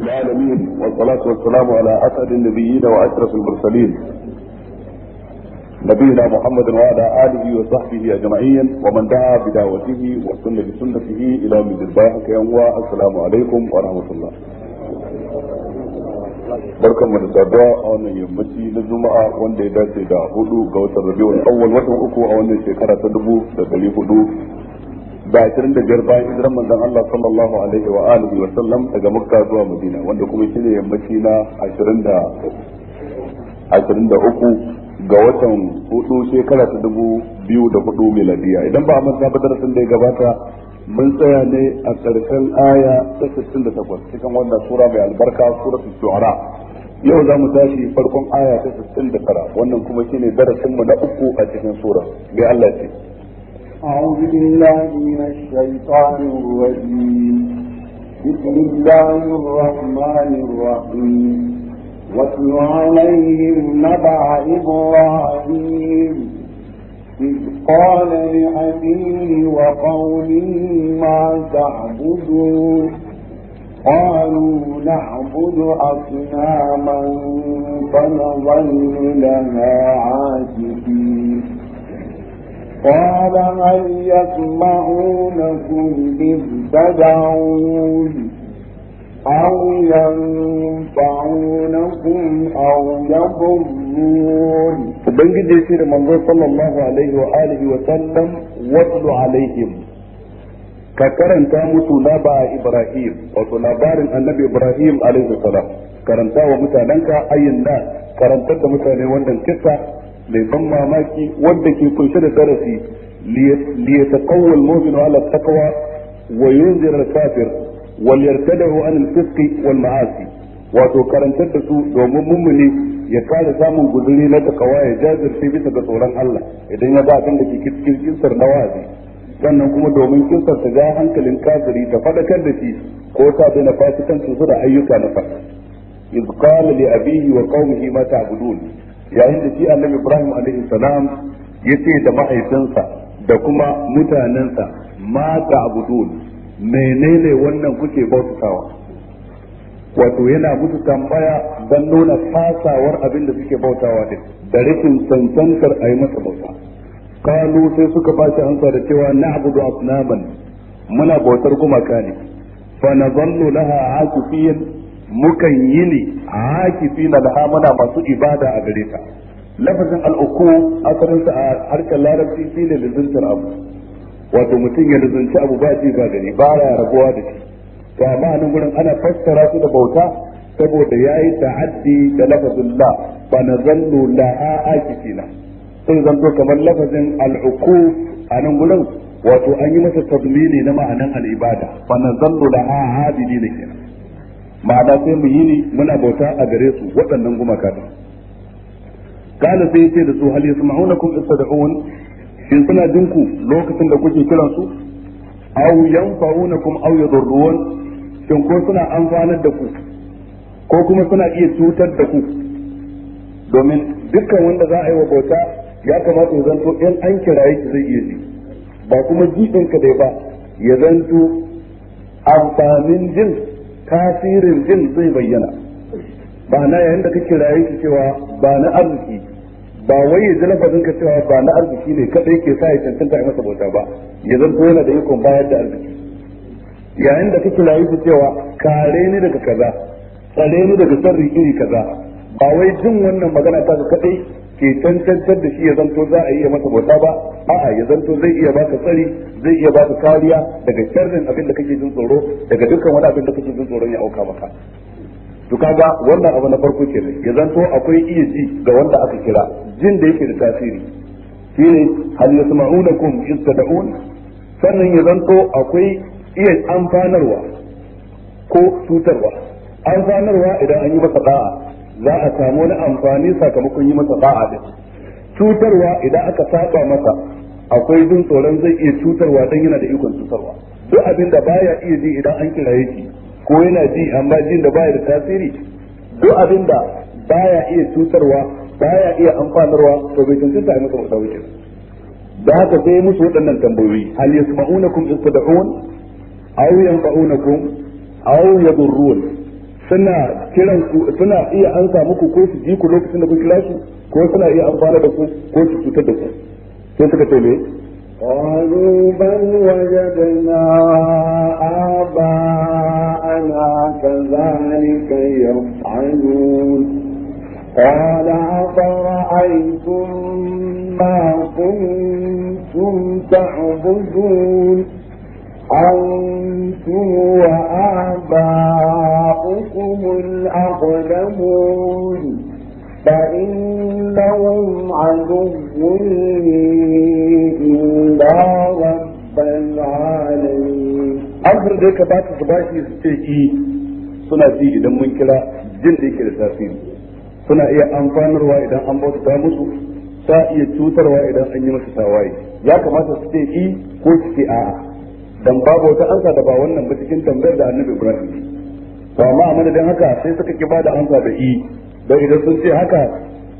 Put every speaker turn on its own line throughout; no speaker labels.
العالمين والصلاة والسلام على أسعد النبيين وأشرف المرسلين نبينا محمد وعلى آله وصحبه أجمعين ومن دعا بدعوته وسن بسنته إلى يوم الباحك يوم السلام عليكم ورحمة الله barkan mu da saduwa a wannan yammaci na juma'a wanda ya dace da hudu ga watan rabiul awwal watan uku a wannan shekara ta dubu da dari hudu da 25 bayan hijiran manzon Allah sallallahu alaihi wa alihi wa sallam daga Makka zuwa Madina wanda kuma shine yammaci na 20 da 23 ga watan hudu shekara ta dubu biyu da hudu miladiya idan ba a manta ba darasin da ya gabata mun tsaya ne a ƙarshen aya ta 68 cikin wannan sura mai albarka suratul shu'ara yau za mu tashi farkon aya ta 69 wannan kuma shine darasin mu na uku a cikin sura bai Allah ce
أعوذ
بالله من الشيطان الرجيم بسم الله الرحمن الرحيم واتل عليهم نبع إبراهيم إذ قال لأبيه وقومه ما تعبدون قالوا نعبد أصناما فنظل لها عاكفين قال هل يسمعونكم إذ تدعون أو ينفعونكم أو يضرون
فبنجد يسير منظور صلى الله عليه وآله وسلم واتل عليهم ka karanta musu laba Ibrahim wato labarin annabi Ibrahim alaihi salam karanta wa mutanenka ayin na karantar da mutane wannan kissa mai ban mamaki wanda ke kunshe da darasi li yataqawwa al-mu'minu ala taqwa wa yunzir al-kafir wal yartadahu an al wal ma'asi wato karantar da su domin mummuni ya kare samun guduri na takawa ya jajirce bisa ga tsoron Allah idan ya ba abin da ke cikin kisar na sannan kuma domin kisar ta ja hankalin kafiri ta fadakar da shi ko ta daina fasikan su da ayyuka na fasa iz qala li abihi wa qaumihi ma ta'budun yayin da shi annabi ibrahim alaihi salam ce da mahaifinsa da kuma mutanensa ma ga abudun menene wannan kuke bautawa wato yana musu tambaya don nuna fasawar abin da suke bautawa din da rikin tantantar a yi masa bauta kalu sai suka bashi amsa da cewa na abudu asnaman muna bautar gumaka ne fa na laha asifiyan mukan yi ne hakifi na laha muna masu ibada a gare ta lafazin al'uku asalin sa a harkar larabci ne lizuntar abu wato mutum ya lizunci abu ba ji ba gani ba ya rabuwa da shi to amma nan gurin ana fassara su da bauta saboda yayi ta'addi da lafazin la a haki fi na. sai zanto kamar lafazin al'uku a nan gurin wato an yi masa tadmini na ma'anan al'ibada fa a laha ne kenan ma'ana sai mu yi ni muna bauta a gare su waɗannan gumaka ɗin kana sai ce da su hal yasma'unakum istad'un shin suna jinku lokacin da kuke kiran su aw yanfa'unakum aw yadurrun shin ko suna amfanar da ku ko kuma suna iya cutar da ku domin dukkan wanda za a yi wa bauta ya kamata ya zanto in an kiraye ki zai iya ji ba kuma jiɗinka dai ba ya zanto amfanin jin tasirin din zai bayyana ba na yayin da kake raye ki cewa ba na arziki ba wai ya ji lafazin ka cewa ba na arziki ne kadai ke sa ya cancanta masa bauta ba ya zanto yana da ikon bayar da arziki yayin da kake raye ki cewa kare ni daga kaza tsare ni daga sarri iri kaza ba wai jin wannan magana ta kadai ke tantantar da shi ya zanto za a iya masa bauta ba a'a ya zanto zai iya baka tsari zai iya baka kariya daga sharrin abin da kake jin tsoro daga dukkan wani abin da kake jin tsoron ya auka maka to kaga wannan abu na farko kenan ya zanto akwai iya ji ga wanda aka kira jin da yake da tasiri shine hal yasma'unakum istada'un sannan ya zanto akwai iya amfanarwa ko cutarwa amfanarwa idan an yi masa da'a za a samu wani amfani sakamakon yi masa ba'a da shi. cutarwa idan aka saba masa akwai jin tsoron zai iya cutarwa dan yana da ikon cutarwa duk abin da baya iya ji idan an kiraye shi ko yana ji amma jin da baya da tasiri duk abin da baya iya cutarwa baya iya amfanarwa to bai tunci a masa wuce. da haka sai musu waɗannan tambayoyi hal yasma'unakum in tad'un aw yanfa'unakum aw yadurrun suna kiran ku suna iya ansa muku ko su ji ku lokacin da kun kira su ko suna iya amfana da ku ko su cutar da ku sai suka ce me قالوا
بل وجدنا آباءنا كذلك yaf'alun قال أفرأيتم ما كنتم تعبدون أنتم وآباؤكم الأقدمون فإنهم عدو لي إلا رب
العالمين أمر ذلك بعد صباحي ستيكي suna ji idan mun kira jin da yake da tasiri suna iya amfanarwa idan an bauta musu ta iya cutarwa idan an yi masa tawaye ya kamata su ce i eh, ko su a'a dan babu wata ansa da ba wannan ba cikin tambayar da annabi Ibrahim to amma a madadin haka sai suka ki bada ansa da i dan idan sun ce haka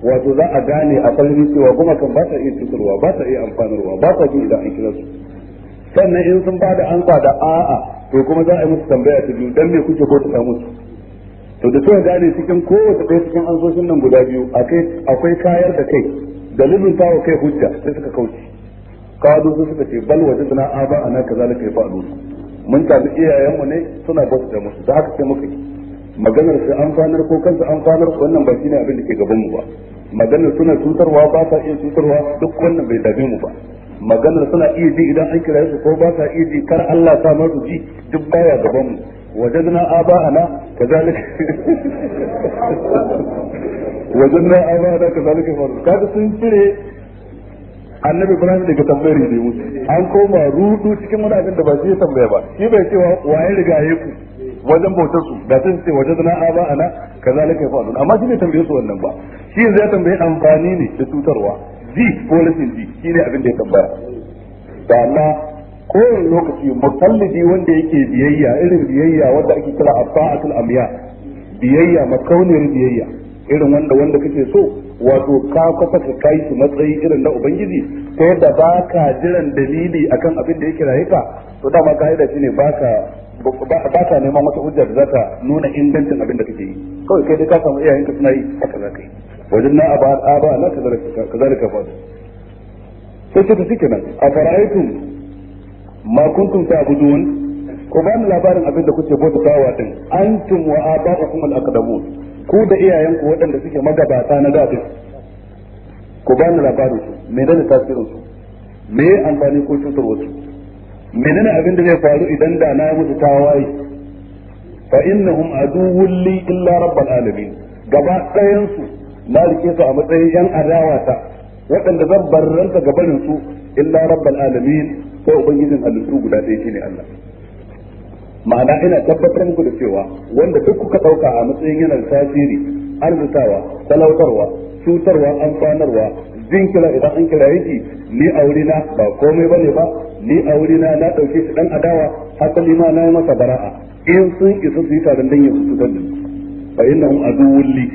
wato za a gane a sarari cewa kuma kan ba ta iya cutarwa ba ta iya amfanarwa ba ta ji idan an kira su sannan in sun bada ansa da a'a to kuma za a yi musu tambaya ta biyu dan me kuke ko ta musu to da sai gane cikin kowace ɗaya cikin ansoshin nan guda biyu akwai kayar da kai dalilin tawo kai hujja sai suka kauce kadu su suka ce bal suna na kaza ana fa yafalun mun tabi iyayenmu ne suna su da musu da haka sai muka yi maganar sai an fanar ko kansa an fanar wannan ba shine abin da ke gaban mu ba maganar suna cutarwa ba sa iya cutarwa duk wannan bai dame mu ba maganar suna iya ji idan an kira su ko ba sa iya ji kar Allah sa masu ji duk baya gaban mu wajadna aba'ana kazalika wajadna aba'ana kazalika kaga sun cire annabi ibrahim daga tambayar da musu an koma rudu cikin wani abin da ba zai tambaya ba shi bai cewa waye riga ya ku wajen bautar su da sun ce wajen na aba ana kazalika ya fa'alun amma shi ne tambaye su wannan ba shi yanzu ya tambaye amfani ne da cutarwa ji ko rashin ji shi ne abin da ya tambaya da na kowane lokaci mukallidi wanda yake biyayya irin biyayya wanda ake kira afa'atul amya biyayya makauniyar biyayya irin wanda wanda kake so wato ka kwata ka kai su matsayi irin na ubangiji ta yadda ba ka jiran dalili akan abin da ya kiraye ka to dama ka'ida shine ba ka ba ka neman wata hujja da za ka nuna ingancin abin da kake yi kawai kai dai ka samu iyayenka suna yi haka za ka yi wajen na a ba ba na ka ka faɗi sai ce ta shi kenan a fara'aitum ma kuntum ta'budun ko ba mu labarin abin da kuke waa din antum wa aba'ukum al-aqdamun ku da iyayenku waɗanda suke magabata na da ku ba ni labarin su menene tasirin su me ya amfani ko cutar wasu menene abin da zai faru idan da na mutu tawaye fa innahum aduwwul li illa rabbil alamin gaba ɗayan su na rike su a matsayin yan adawa ta waɗanda zan barranta gabanin su illa rabbil alamin ko ubangijin halittu guda ɗaya shine Allah ma'ana ina tabbatar muku da cewa wanda duk kuka dauka a matsayin yana tasiri arzutawa talautarwa cutarwa amfanarwa jinkira idan an kira yake ni a wurina ba komai bane ba ni a wurina na dauke shi dan adawa hasali ma na masa bara'a in sun isa su yi taron dangin su cutar da mu innahum aduwwulli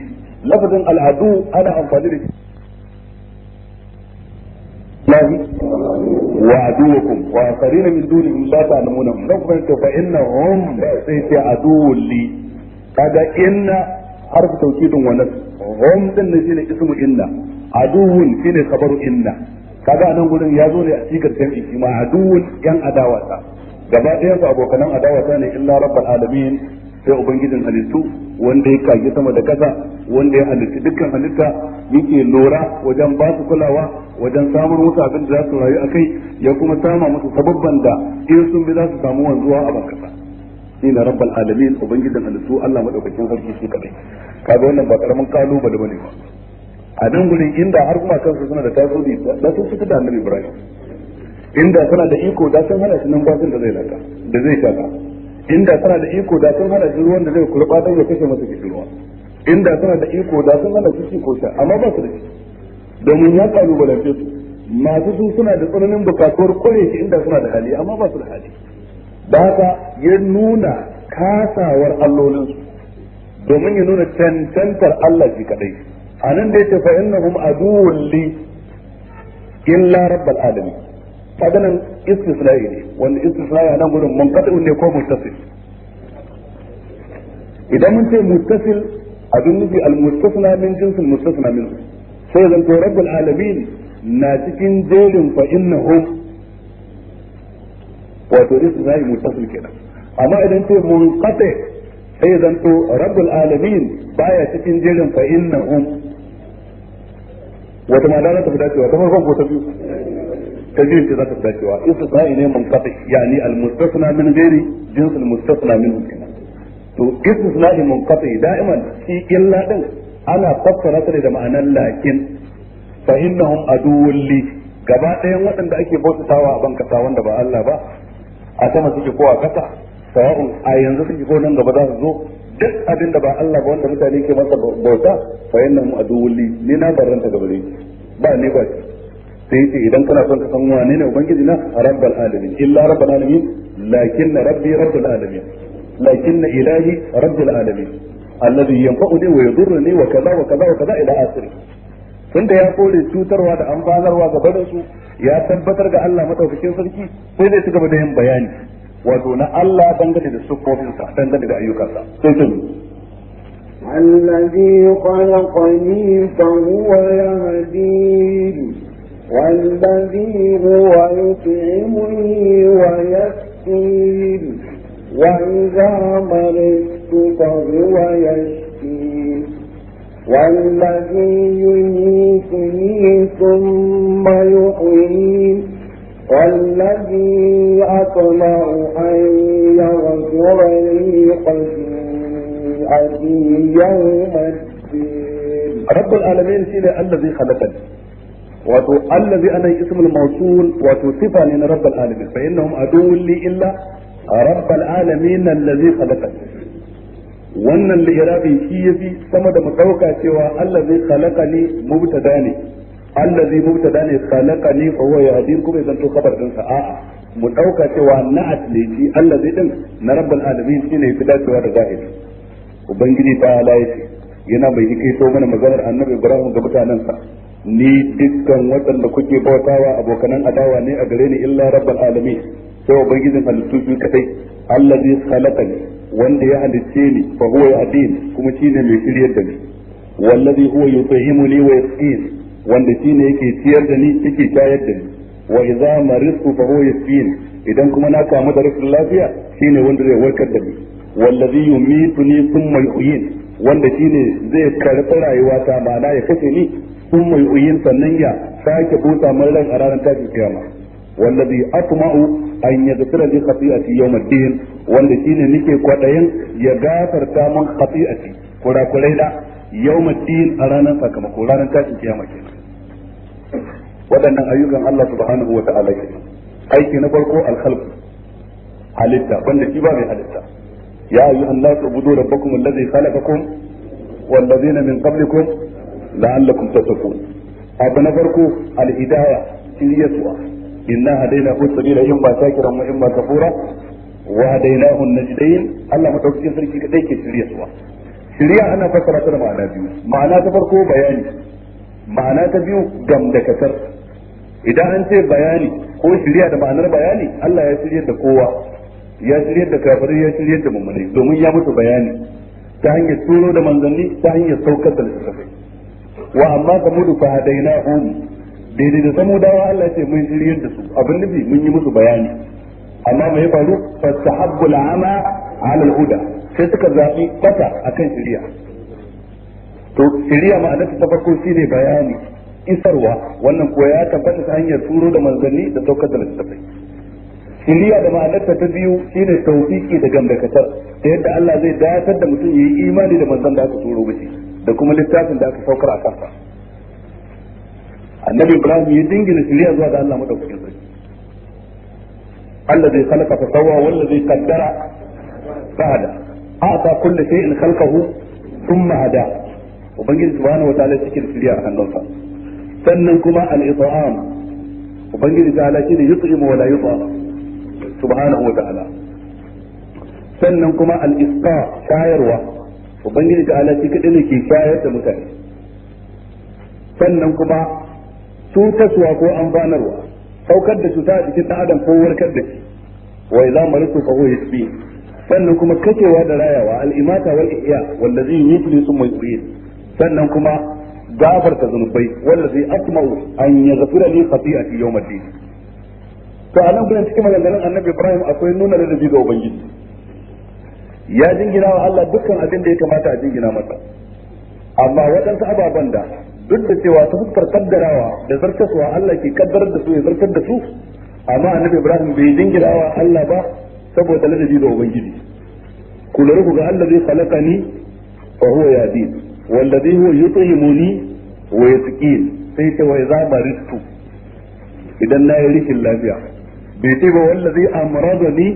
lafazin al'adu ana amfani da shi الله وعدوكم وآخرين من دونهم لا تعلمونهم لكم فإنهم سيتي عدو لي kaga inna حرف توكيد ونفس هم hum din ne shine ismu inna aduwun shine kaga nan gurin ya zo ne a cikar jami'i shi ma yan adawa ta gaba ɗayan su abokanan adawa ne illa rabbal alamin sai ubangijin halittu wanda ya kage sama da kasa wanda ya halitta dukkan halitta yake lura wajen ba su kulawa wajen samun musu abin da za su rayu akai ya kuma sama musu sababban da in sun bi za su samu wanzuwa a bankasa ni na rabbal alamin ubangijin halittu Allah madaukakin sarki shi kadai kaga wannan ba karamin kalubale bane ba a nan gurin inda har kuma kansu suna da tasiri da sun fita da annabi Ibrahim inda suna da iko da san hana shi nan da zai lata da zai shaka inda suna da iko da sun hada shi ruwan da zai kurba don ya kashe masa kishirwa inda suna da iko da sun hada shi ko sha amma ba su da shi domin ya kalubalance su masu su suna da tsananin bukatuwar kore shi inda suna da hali amma ba su da hali Ba ka ya nuna kasawar allolinsu domin ya nuna cancantar Allah shi kadai a nan da ya ce fa innahum aduwwun li illa rabbal alamin kaga nan istisna'i ne wanda istisna'i a nan gurin munqati ne ko muttasil idan mun ce muttasil abin nufi al-mustasna min jinsil mustasna min sai zan to rabbul alamin na cikin jerin fa innahum wato istisna'i muttasil kenan amma idan ce munqati sai zan to rabbul alamin baya cikin jerin fa innahum wata ma da ta fi dacewa ta farkon ko ta biyu تجريد في ذات الذاتيوة استثناء إليه منقطع يعني المستثنى من غير جنس المستثنى منه كنا تو استثناء منقطع دائما في إلا دل أنا فسر da ma'anar lakin فإنهم عدو لي gaba ɗayan waɗanda ake bautatawa a ban wanda ba Allah ba a sama suke ko a kasa sawa'un a yanzu suke ko nan gaba za su zo duk abinda ba Allah ba wanda mutane ke masa bauta fa innahum a li ni na barranta gaba ba ne ba sai yace idan kana son ka san wane ne ubangiji na rabbal alamin illa rabbal alamin lakinna rabbi rabbul alamin lakinna ilahi rabbul alamin alladhi ni wa ni wa kaza wa kaza wa kaza ila akhiri tunda ya kore cutarwa da amfanarwa gaba da su ya tabbatar ga Allah madaukakin sarki sai zai ci gaba da yin bayani wato na Allah dangane da sufofinsa dangane da ayyukansa sai tun
الذي خلقني فهو يهدين والذي هو يطعمني ويسكين وإذا مرضت فهو يشكين والذي يميتني ثم يحيين والذي أطمع أن يغفر لي خطيئتي
يوم الدين رب العالمين سيدي الذي خلقني wato allazi anan ismul mawsul wato sifa ne na rabbal alamin fa innahum aduwwun li illa rabbal alamin allazi khalaqani wannan li'irabi shi yafi sama da mu dauka cewa allazi khalaqani mubtada ne allazi mubtada ne khalaqani fa huwa yahdin kuma idan to khabar din sa a'a mu dauka cewa na'at ne shi allazi din na rabbal alamin shine fi dacewa da zahiri ubangiji ta ala yana bai hikaito mana maganar annabi ibrahim ga sa. ni dukkan waɗanda kuke bautawa abokanan adawa ne a gare ni illa rabbal alamin sai ubangijin halittu shi kadai allazi khalaqani wanda ya halicce ni fa huwa yadin kuma shine mai shiryar da ni wallazi huwa yut'imuni wa yasqin wanda shine yake ciyar da ni yake tayar da ni wa idza maristu fa huwa yasqin idan kuma na kamu da rashin lafiya shine wanda zai warkar da ni wallazi yumituni thumma yuhyini wanda shi ne zai karɓi rayuwa ta ma'ana ya kashe ni sun mai uyin sannan ya sake busa min ran a ranar tashin kiyama wallazi atma'u an yaghfira li khati'ati ci ad-din wanda shine nake kwadayin ya gafarta min khati'ati kurakurai da yawm ad a ranar sakamako ranar tashin kiyama kenan waɗannan ayyukan Allah subhanahu wa ta'ala aiki na farko al-khalq halitta wanda shi ba mai halitta يا أيها الناس اعبدوا ربكم الذي خلقكم والذين من قبلكم لعلكم تتقون أبو نفركو الهداية شريتها إنا هديناه السبيل إما شاكرا وإما كفورا وهديناه النجدين الله متوكسين سريكي كديك شريتها shirya ana fassara ta da ma'ana biyu ma'ana ta farko bayani ma'ana ta biyu gam da kasar idan an ce bayani ko shirya da ma'anar bayani Allah ya shirya da kowa ya shirye da kafirai ya shirye da mummunai domin ya mutu bayani ta hanyar turo da manzanni ta hanyar saukar da littattafai wa amma mudu fa hadainahum daidai da dawa Allah ya ce mun shirye da su abin nufi mun yi musu bayani amma mai faru fastahabbu al'ama ala al-huda sai suka zabi kwata akan shiriya to shiriya ma'ana ta farko shine bayani isarwa wannan koya ya tabbata ta hanyar turo da manzanni da saukar da littattafai shiriya da ma'anarta ta biyu shi ne tawfiki da gamdakatar ta yadda Allah zai datar da mutum ya yi imani da manzon da aka turo mishi da kuma littafin da aka saukar a kansa annabi Ibrahim ya dingina shiriya zuwa ga Allah madaukakin sarki Allah zai khalaqa fa sawwa wanda zai qaddara fa hada a'ta kulli shay'in khalqahu thumma hada ubangiji subhanahu wa ta'ala cikin shiriya a hannunsa sannan kuma al-it'am ubangiji ta'ala ne yut'imu wa la yut'am subhanahu wa ta'ala sannan kuma al-isqa shayarwa ubangiji ta ala shi kadai ne ke shayar da mutane sannan kuma cutarwa ko amfanarwa saukar da cuta a cikin adam ko warkar da shi wa idza maritu fa huwa yasbi sannan kuma kacewa da rayawa al-imata wal ihya wallazi yufli summa yurid sannan kuma gafarta zunubai wallazi asma'u an yaghfira li khati'ati yawmiddin to a nan gudan cikin maganganun annabi ibrahim akwai nuna ladabi ga ubangiji ya jingina wa Allah dukkan abin da ya kamata a jingina masa amma waɗansu ababen da duk da cewa ta fuskar kaddarawa da zartaswa Allah ke kaddarar da su ya zartar da su amma annabi ibrahim bai jingina wa Allah ba saboda ladabi ga ubangiji ku lura ku ga Allah zai khalaqani fa huwa yadin wallazi huwa yut'imuni wa yasqin sai ta wa idza maristu idan na yi rikin lafiya bai ce ba amurada ni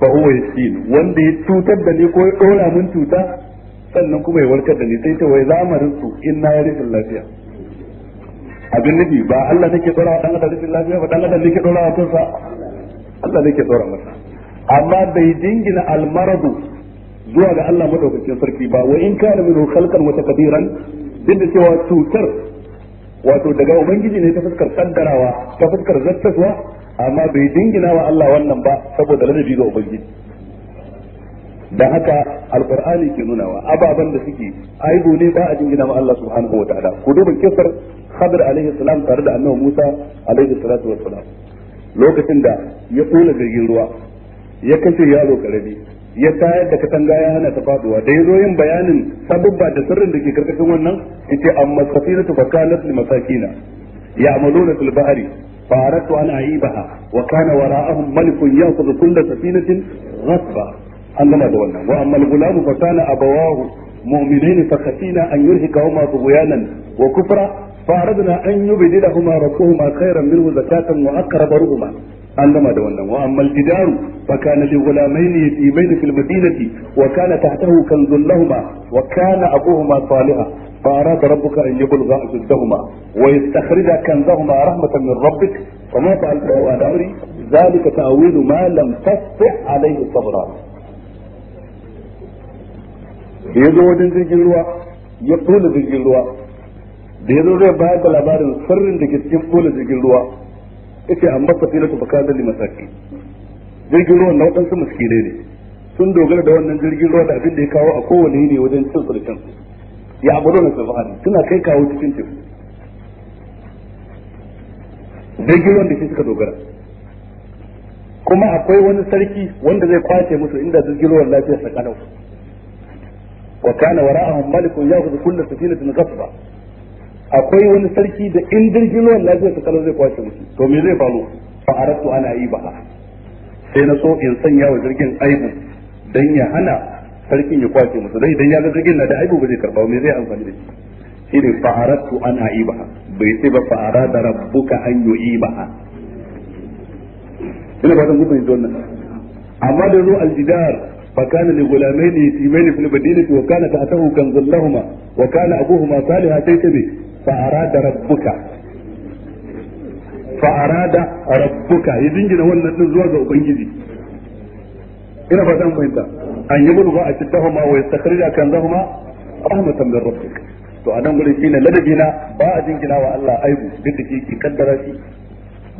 ba huwa yasin wanda ya cutar da ni ko ya dora min cuta sannan kuma ya warkar da ni sai ta wai zamarin su in na yi rashin lafiya abin nufi ba Allah ke dora wa dan adam lafiya ba dan adam ke dora wa kansa Allah nake dora masa amma bai dingina almaradu zuwa ga Allah madaukakin sarki ba wa in kana minhu khalqan wa taqdiran din da cewa cutar wato daga ubangiji ne ta fuskar kaddarawa ta fuskar zattaswa amma bai dingina wa Allah wannan ba saboda ladabi ga ubangiji dan haka alqur'ani ke nuna wa ababan da suke aibu ne ba a jingina ma Allah subhanahu wa ku duba kisar Khadir alaihi salam tare da annabi Musa alaihi salatu wassalam lokacin da ya kula jirgin ruwa ya kashe yaro karami ya tayar da katanga ya hana ta faduwa da yazo yin bayanin sababa da sirrin da ke karkashin wannan yace amma safinatu fakanat limasakina ya'maluna fil bahri فأردت أن أعيبها وكان وراءهم ملك يأخذ كل سفينة غصبا أنما دولنا وأما الغلام فكان أبواه مؤمنين فخشينا أن يرهقهما طغيانا وكفرا فأردنا أن يبدلهما ربهما خيرا منه زكاة وأقرب رهما أنما دولنا وأما الجدار فكان لغلامين يتيمين في المدينة وكان تحته كنز لهما وكان أبوهما صالحا فأراد ربك أن يبلغ أشدهما ويستخرج كنزهما رحمة من ربك فما فعلت أن أمري ذلك تأويل ما لم تستح عليه الصبر da ya zo wajen jirgin ruwa ya يدعو jirgin ruwa da ya zo zai ذي da labarin sirrin da ke cikin jirgin ruwa yace amma sun dogara da wannan jirgin ruwa da abin da ya kawo a kowane yini wajen cin su ya abudu na bahri suna kai kawo cikin teku jirgin wanda shi suka dogara kuma akwai wani sarki wanda zai kwace musu inda jirgin ruwan lafiyar sa kanau wa kana wara'ahum malikun fina kull safinatin ba akwai wani sarki da in jirgin ruwan lafiyar sa kanau zai kwace musu to me zai faru fa aratu ana yi ba sai na so in sanya wa jirgin aibu dan ya hana sarkin ya kwace musu dai idan ya ga sarkin na da aibu ba zai karba me zai amfani da shi shine fa'aratu an aibaha bai sai ba fa'ara da rabbuka an yu'ibaha ina ba zan gubai don wannan. amma da zo aljidar fa kana li gulamaini yatimaini fil madinati wa kana ta'tahu kanzul lahumu wa kana abuhuma salihan sai tabi fa'ara da rabbuka fa'arada rabbuka ya dingina wannan din zuwa ga ubangiji ina ba zan fahimta an yi ba a cittahuma wa kan kanzahuma rahmatan min rabbik to anan gurin shine ladabi na ba a jingina wa Allah aibu duk da ke kaddara shi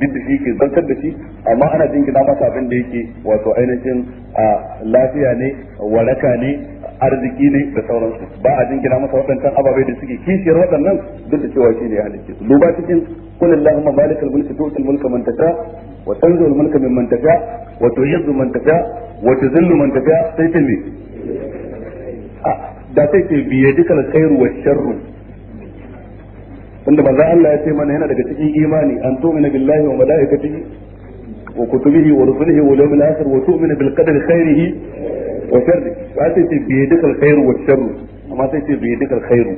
duk da ke zartar da shi amma ana jingina masa abin da yake wato ainihin a lafiya ne waraka ne arziki ne da sauransu ba a jingina masa waɗancan ababai da suke kishiyar waɗannan duk da cewa shine ya halicce su duba cikin qul allahumma malikal mulki tu'til mulka man tasha wa tanzilul mulka mimman tasha wa tu'izzu man tasha wa tuzillu man tasha sai ta me da sai ce biye dukkan khairu wa sharru tunda manzo Allah ya ce mana yana daga cikin imani an tu'mina billahi wa malaikatihi wa kutubihi wa rusulihi wa yawmil akhir wa tu'mina bil qadri khairihi wa sharri ka sai ce bi yadikal khairu wa sharru amma sai ce bi yadikal khairu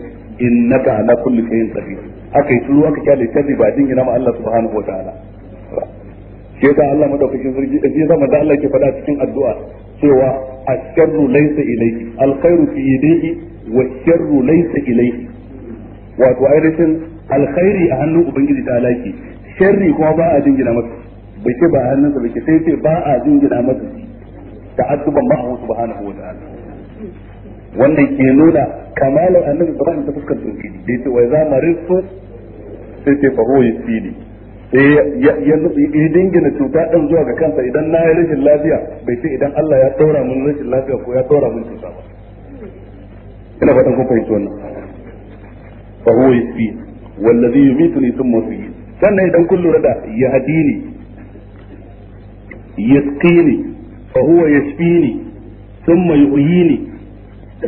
innaka ala kulli shay'in qadir aka yi tulu aka kyale sharri ba din gina ma Allah subhanahu wa ta'ala shi yasa Allah madaukakin sarki shi yasa manzo Allah ke faɗa cikin addu'a cewa asharru laysa ilayki alkhairu fi yadayhi wa sharru laysa ilayhi wato ainihin alkhairi a hannun ta alaki sharri kuma ba a ce ba a hannunsa bai sai ba a ta'adduban ma'ahu subhanahu wa ta'ala wannan ke nuna kamalar annabi ibrahim ta fuskar tauhidi da yace wa za marisu sai ce fa huwa yusili eh, ya dingina cuta ɗin zuwa ga kansa idan na yi rashin lafiya bai ce idan Allah ya ɗora mun rashin lafiya ko ya ɗora mun cuta ba ina fatan kun fahimci wannan fa huwa yusfi wallazi yumituni thumma yuhyi sannan idan kun lura da yahdini yasqini fa huwa yashfini thumma yu'yini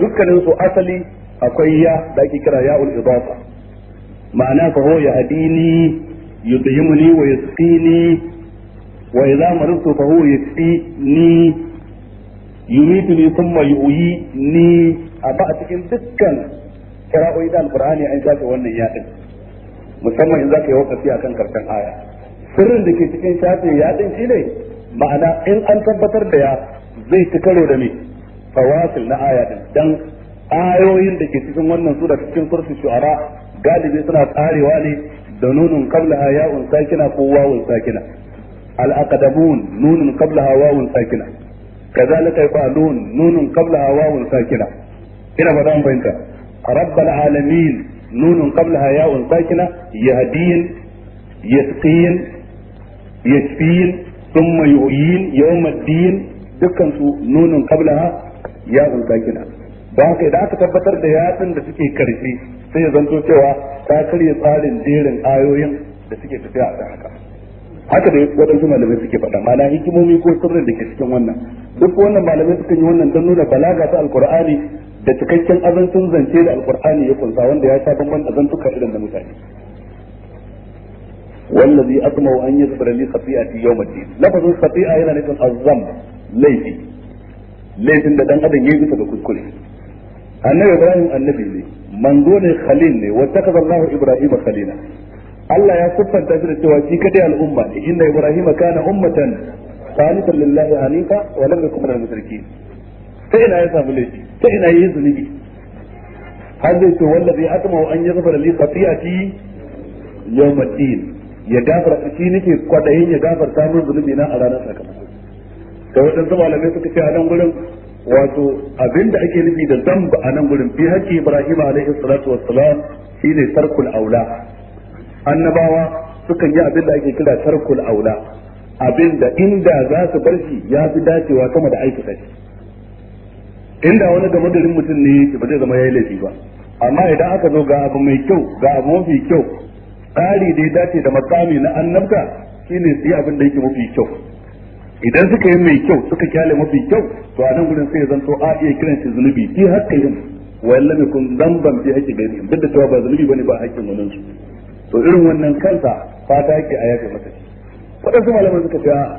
dukkanin su asali akwai ya da ake kira ya'ul idafa ma'ana fa huwa yahdini yudhimuni wa yasqini wa idza maridtu fa huwa yasqini yumituni thumma yu'yini a ba a cikin dukkan kira'o'i da alqur'ani an shafe wannan ya din musamman in zaka yi wakafi akan karshen aya sirrin da ke cikin shafin ya din shine ma'ana in an tabbatar da ya zai ci karo da me fawasil na aya din dan ayoyin da ke cikin wannan sura cikin surfi shu'ara galibi suna tsarewa ne da nunun qablaha ya'un sakina ko wawun sakina al-aqdamun nunun qablaha wawun sakina kazalika yaqulun nunun qablaha wawun sakina ina ba dan bayyana rabbal alamin nunun qablaha ya'un sakina yahdin yasqin yasfin thumma yu'yin yawm ad-din dukkan su nunun qablaha ya sakina ba haka idan aka tabbatar da yatsun da suke karfi sai ya zanto cewa ta karya tsarin jerin ayoyin da suke tafiya a haka haka da waɗansu malamai suke faɗa mana hikimomi ko sirrin da ke cikin wannan duk wannan malamai suke yi wannan don nuna balaga ta alkur'ani da cikakken azancin zance da alkur'ani ya kunsa wanda ya sha bamban azantuka irin da mutane wallazi asma'u an yaghfira li khati'ati yawm al-din lafazin khati'a yana nufin azzam laifi laifin da dan adam yayi bisa ga kuskure annabi ibrahim annabi ne manzo ne khalil ne wa takaza allah ibrahim khalila Allah ya siffanta shi da cewa shi kadai al'umma ne inna ibrahim kana ummatan qanitan lillahi hanifa wa lam yakun minal mushrikeen sai ina ya samu laifi sai ina yayi zunubi har zai ce wallazi atma ya gafarta shi nake kwadayin ya gafarta min zunubi na a ranar sakamako sai waɗansu malamai suka ce a nan gurin wato abinda ake nufi da zamba a nan gurin fi haƙƙi Ibrahim alaihi salatu wassalam shine tarkul aula annabawa sukan yi abinda ake kira tarkul aula abinda inda za su bar shi ya fi dacewa sama da aikata shi inda wani game mutum ne ba zai zama yayi laifi ba amma idan aka zo ga abu mai kyau ga abu mafi kyau tsari da ya dace da makami na annabta shine su yi abin da yake mafi kyau idan suka yi mai kyau suka kyale mafi kyau to a nan gudun sai zanto a iya kiran shi zunubi fi yin wa lam kun zamban fi haƙi ghayrihim duk da cewa ba zunubi bane ba haƙin wani su to irin wannan kansa fata yake a yafe masa Waɗansu malaman suka ce a,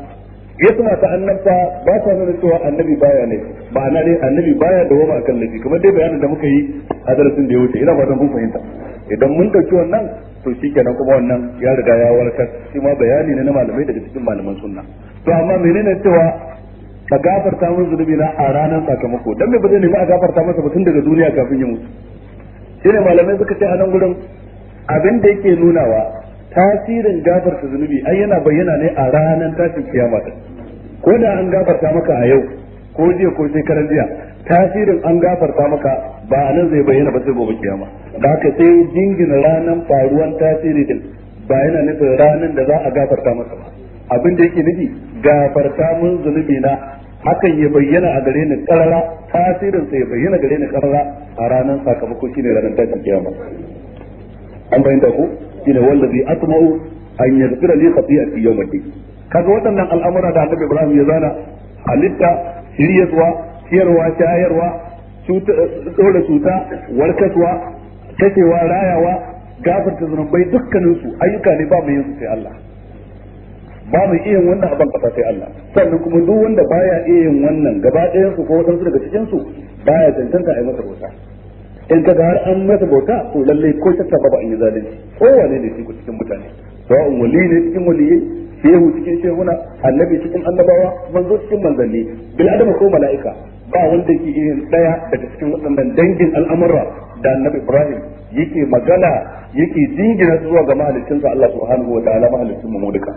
ya suna ta annabta ba ta nuna cewa annabi baya ne ba na dai annabi baya da wama akan laifi kamar dai bayanin da muka yi a darasin da ya wuce ina fatan kun fahimta idan mun ɗauki wannan to shikenan kuma wannan ya riga ya warkar shi ma bayani ne na malamai daga cikin malaman sunna to amma menene cewa ka gafarta mun zunubi na a ranar sakamako dan me ba nema nemi a gafarta masa ba tun daga duniya kafin ya mutu shine malamai suka ce a nan gurin abin da yake nunawa tasirin gafarta zunubi ai yana bayyana ne a ranar tashin kiyama ko da an gafarta maka a yau ko jiya ko shekaran jiya tasirin an gafarta maka ba a nan zai bayyana ba sai gobe kiyama da haka sai dingina ranan faruwan tasiri din ba yana nufin ranan da za a gafarta masa ba abin da yake nufi gafarta mun zunubi na hakan ya bayyana a gare ni karara tasirin sa ya bayyana gare ni karara a ranan sakamako shine ranan tashin kiyama an bayyana ku shine wallazi atma'u an yaghfira li khati'ati yawmiddin kaga waɗannan al'amura da Annabi Ibrahim ya zana halitta shiryatwa ciyarwa shayarwa dole cuta warkaswa kashewa rayawa gafarta zunubai dukkanin su ayyuka ne ba mai yin su sai Allah ba mai iya yin wannan abin kafa sai Allah sannan kuma duk wanda baya iya yin wannan gaba ɗayan su ko wadansu daga cikin su baya tantanta a yi masa bauta in ka ga har an masa bauta to lalle ko shakka ba an yi zalunci kowane ne cikin mutane sawa'un wali ne cikin waliyyai, shehu cikin shehuna annabi cikin annabawa manzo cikin manzanni bil adam ko mala'ika ba wanda ke yin daya daga cikin waɗannan dangin al'amura da annabi Ibrahim yake magana yake jingina zuwa ga mahaliccinsa Allah subhanahu ta'ala mahaliccin mu duka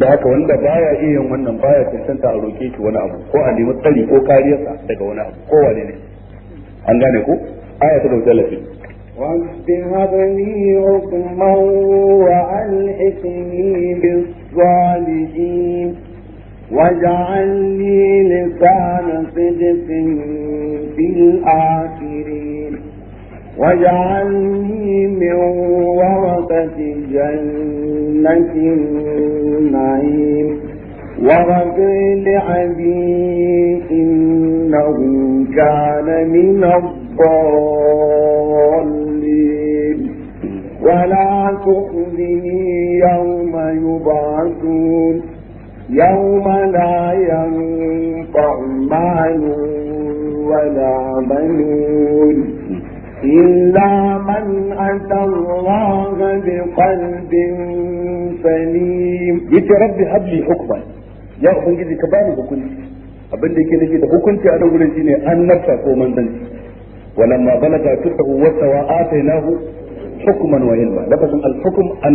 da haka wanda baya iya yin wannan baya cancanta a roke shi wani abu ko a nemi tsari ko kariyarsa daga wani abu ko wane ne an gane ko aya ta dauke lafi
رب لي حكما وألحقني بالصالحين
واجعل
لي لسان صدق في الآخرين واجعلني من ورثة جنة النعيم وغفر لعبي إنه كان من الضالين ولا تؤذني يوم يبعثون يوم لا ينفع مال ولا بنون إلا من أتى الله
بقلب سليم يتي ربي هب لي حكما يا أبنجي كباني بكنتي abin da yake nufi da hukunci a nan gurin shine an nafsa ko manzanci walamma balaga tusahu wa sawa atainahu hukman wa ilma lafazin al-hukm an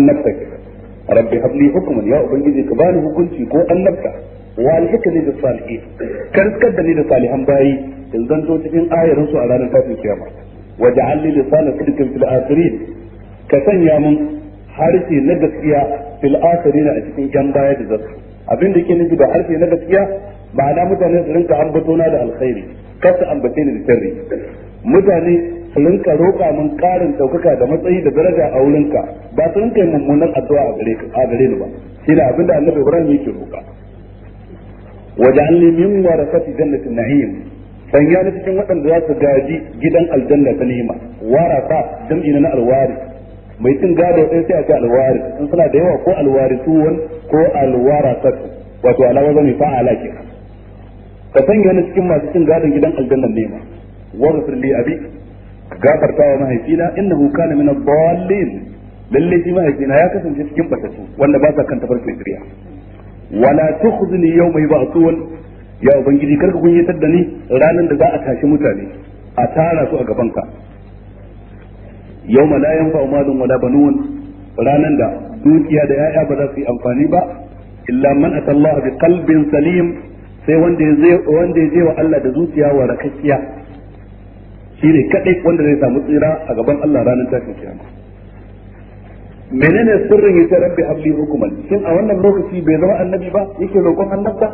rabbi habli hukman ya ubangiji ka bani hukunci ko annabta wa ne da salihin karkar da ni da salihan bayi in zanto cikin ayarin su a ranar tashin kiyama waja'al li lisana sidqin fil akhirin ka sanya mun harshe na gaskiya fil akhirin a cikin yan baya da zasu abin da ke nufi da harshe na gaskiya ma'ana mutane su rinka ambato na da alkhairi kar su ambace ni da sharri mutane su rinka roƙa mun ƙarin ɗaukaka da matsayi da daraja a wurinka ba su rinka yi mummunan addu'a a gare a gare ni ba shi ne abinda annabi Ibrahim yake roƙa waj'alni min warasati jannatin na'im sanya ni cikin waɗanda za su gaji gidan aljanna ta ni'ima warasa jam'i na alwari mai cin gado ɗaya sai a ce alwari in suna da yawa ko alwari alwarisuwan ko alwarasatu wato alawa zan yi fa'ala kenan ka sanya ni cikin masu cin gadon gidan aljanna ne ma wa firli abi gafarta wa mahaifina innahu kana min ad-dallin lalle shi mahaifina ya kasance cikin batatu wanda ba sa kan tafarkin shari'a wala tukhzini yawma yub'athun ya ubangiji karka kunyatar da ni ranar da za a tashi mutane a tara su a gabanka yawma la yanfa'u malun wala banun ranan da dukiya da yaya ba za su yi amfani ba illa man atallaha bi qalbin salim sai wanda ya je wa Allah da zuciya wa rakakkiya ne kadai wanda zai samu tsira a gaban Allah ranar tashin kiyama menene sirrin yace rabbi habli hukuman shin a wannan lokaci bai zama annabi ba yake roƙon annabta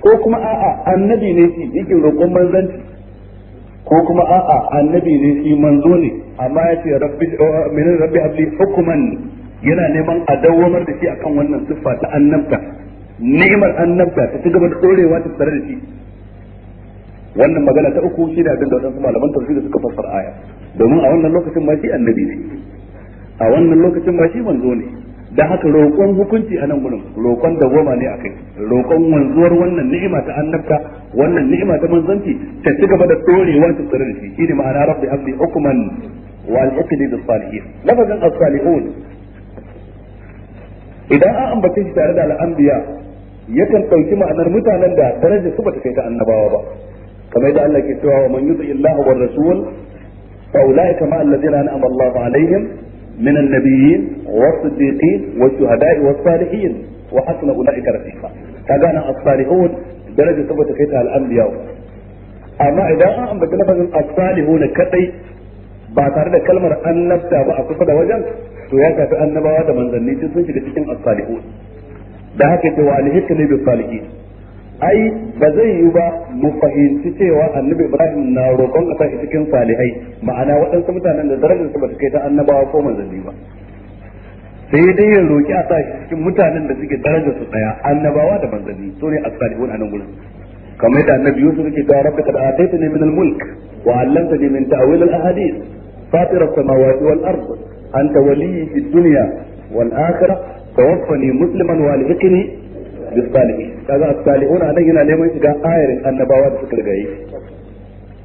ko kuma a'a annabi ne shi yake roƙon manzanci ko kuma a'a annabi ne shi manzo ne amma yace rabbi menene rabbi habli hukuman yana neman a dawwamar da shi akan wannan siffa ta annabta ni'imar annabta ta ci gaba da ɗorewa ta tsare da shi wannan magana ta uku shi da abin da wadansu malaman tafsiri suka fassara aya domin a wannan lokacin ma shi annabi ne a wannan lokacin ma shi manzo ne da haka roƙon hukunci a nan gurin roƙon da goma ne a kai roƙon wanzuwar wannan ni'ima ta annabta wannan ni'ima ta manzanci ta ci gaba da dorewa ta tsare da shi shine ma'ana rabbi abdi hukman wal uqdi bis salihin lafazin as-salihun idan an ambace shi tare da al-anbiya yakan ɗauki ma'anar mutanen da darajar su bata kai ta annabawa ba kamar yadda Allah ke cewa wa man yuti Allah wa rasul fa ulaika ma alladhina an'ama Allah alaihim min an-nabiyyin was-siddiqin wash-shuhada'i was-salihin wa hasuna ulaika rafiqa kaga nan as-salihun daraja saboda kai ta al-anbiya amma idan an ambata lafazin as-salihun kadai ba tare da kalmar annabta ba a kusa da wajen to ya tafi annabawa da manzanni sun shiga cikin as-salihun da haka ce wa alhikmi bis-salihin ai ba zai yi ba mu fahimci cewa annabi ibrahim na roƙon a cikin salihai ma'ana waɗansu mutanen da darajar su ba su kai ta annabawa ko manzanni ba sai dai ya roƙi a sashi cikin mutanen da suke darajar su tsaya annabawa da manzanni su ne as-salihun a nan gurin kamar yadda annabi yusuf yake ga rabbi kad min al-mulk wa 'allamtani min ta'wil al-ahadith fatir samawati wal ard anta waliyyi fid dunya wal akhirah tawaffani musliman wa alhiqni bisalihi kaga as-salihuna nan yana neman shiga ayarin annabawa da suka rigaye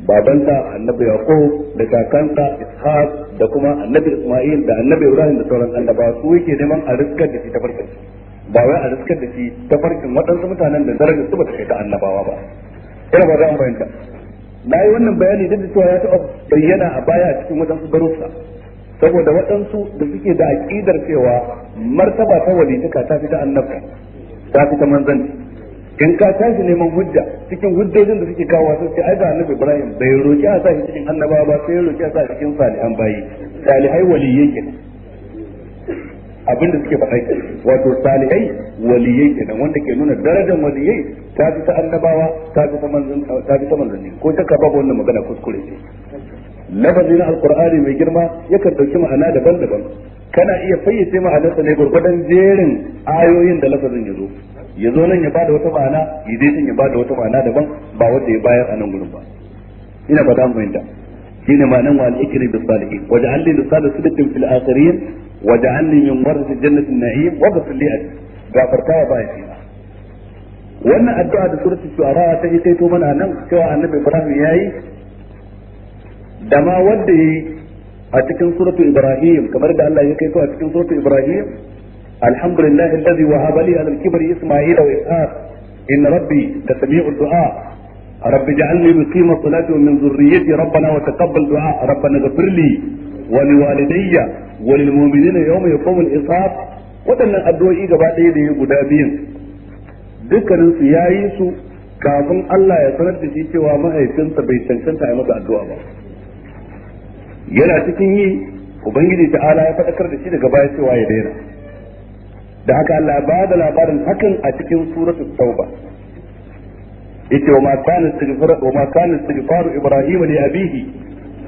babansa annabi yaqub da kakansa ishaq da kuma annabi isma'il da annabi ibrahim da sauran annabawa su yake neman a riskar da shi ta farkin ba wai a riskar da shi ta farkin waɗansu mutanen da zarar su ba ta kai ta annabawa ba ina ba zan mu fahimta na yi wannan bayani duk da cewa ya taɓa bayyana a baya cikin waɗansu darussa saboda waɗansu da suke da aƙidar cewa martaba ta walitaka ta fi ta annabta ta fi ta manzan in ka tashi neman hujja cikin hujjojin da suke kawo sun ce ai da annabi Ibrahim bai roki a sa cikin annabawa ba sai roki a sa cikin salihan bayi salihai waliyai kenan abinda suke faɗa wato salihai waliyai kenan wanda ke nuna darajar waliyai ta fi ta annabawa ta fi ta manzan ta fi ta manzanni ko ta kaba wannan magana kuskure ce lafazin alqur'ani mai girma yakan dauki ma'ana daban-daban kana iya fayyace mahallinsa ne gurgudan jerin ayoyin da lafazin ya zo ya zo nan ya bada wata ma'ana ya je ya bada wata ma'ana daban ba wanda ya bayar a nan gurin ba ina ba dan fahimta shine ma'anan wa al-ikrim bis salihin waj'alni lisana sidqin fil akhirin ja'alni min warati jannati an-na'im wa basilli gafarta wa bai wannan addu'a da suratul shu'ara ta yi kaito mana nan cewa annabi Ibrahim yayi da ma wanda yayi a cikin suratu ibrahim kamar da Allah ya kai to a cikin suratu ibrahim alhamdulillah alladhi wahaba li ala al-kibri isma'ila wa ishaq in rabbi tasmi'u du'a rabbi ja'alni muqima salati wa min dhurriyyati rabbana wa taqabbal du'a rabbana ighfir li wa li walidayya wa lil mu'minina yawma yaqumul hisab wadannan addu'o'i gaba ɗaya da ya guda biyun dukkanin su yayi su kafin Allah ya sanar da shi cewa mahaifinsa bai cancanta a masa addu'a ba yana cikin yi ubangiji ala ya faɗakar da shi daga baya cewa ya daina da haka Allah ba da labarin hakan a cikin suratul tauba yace wa ma kana istighfar wa ma kana istighfar ibrahim li abihi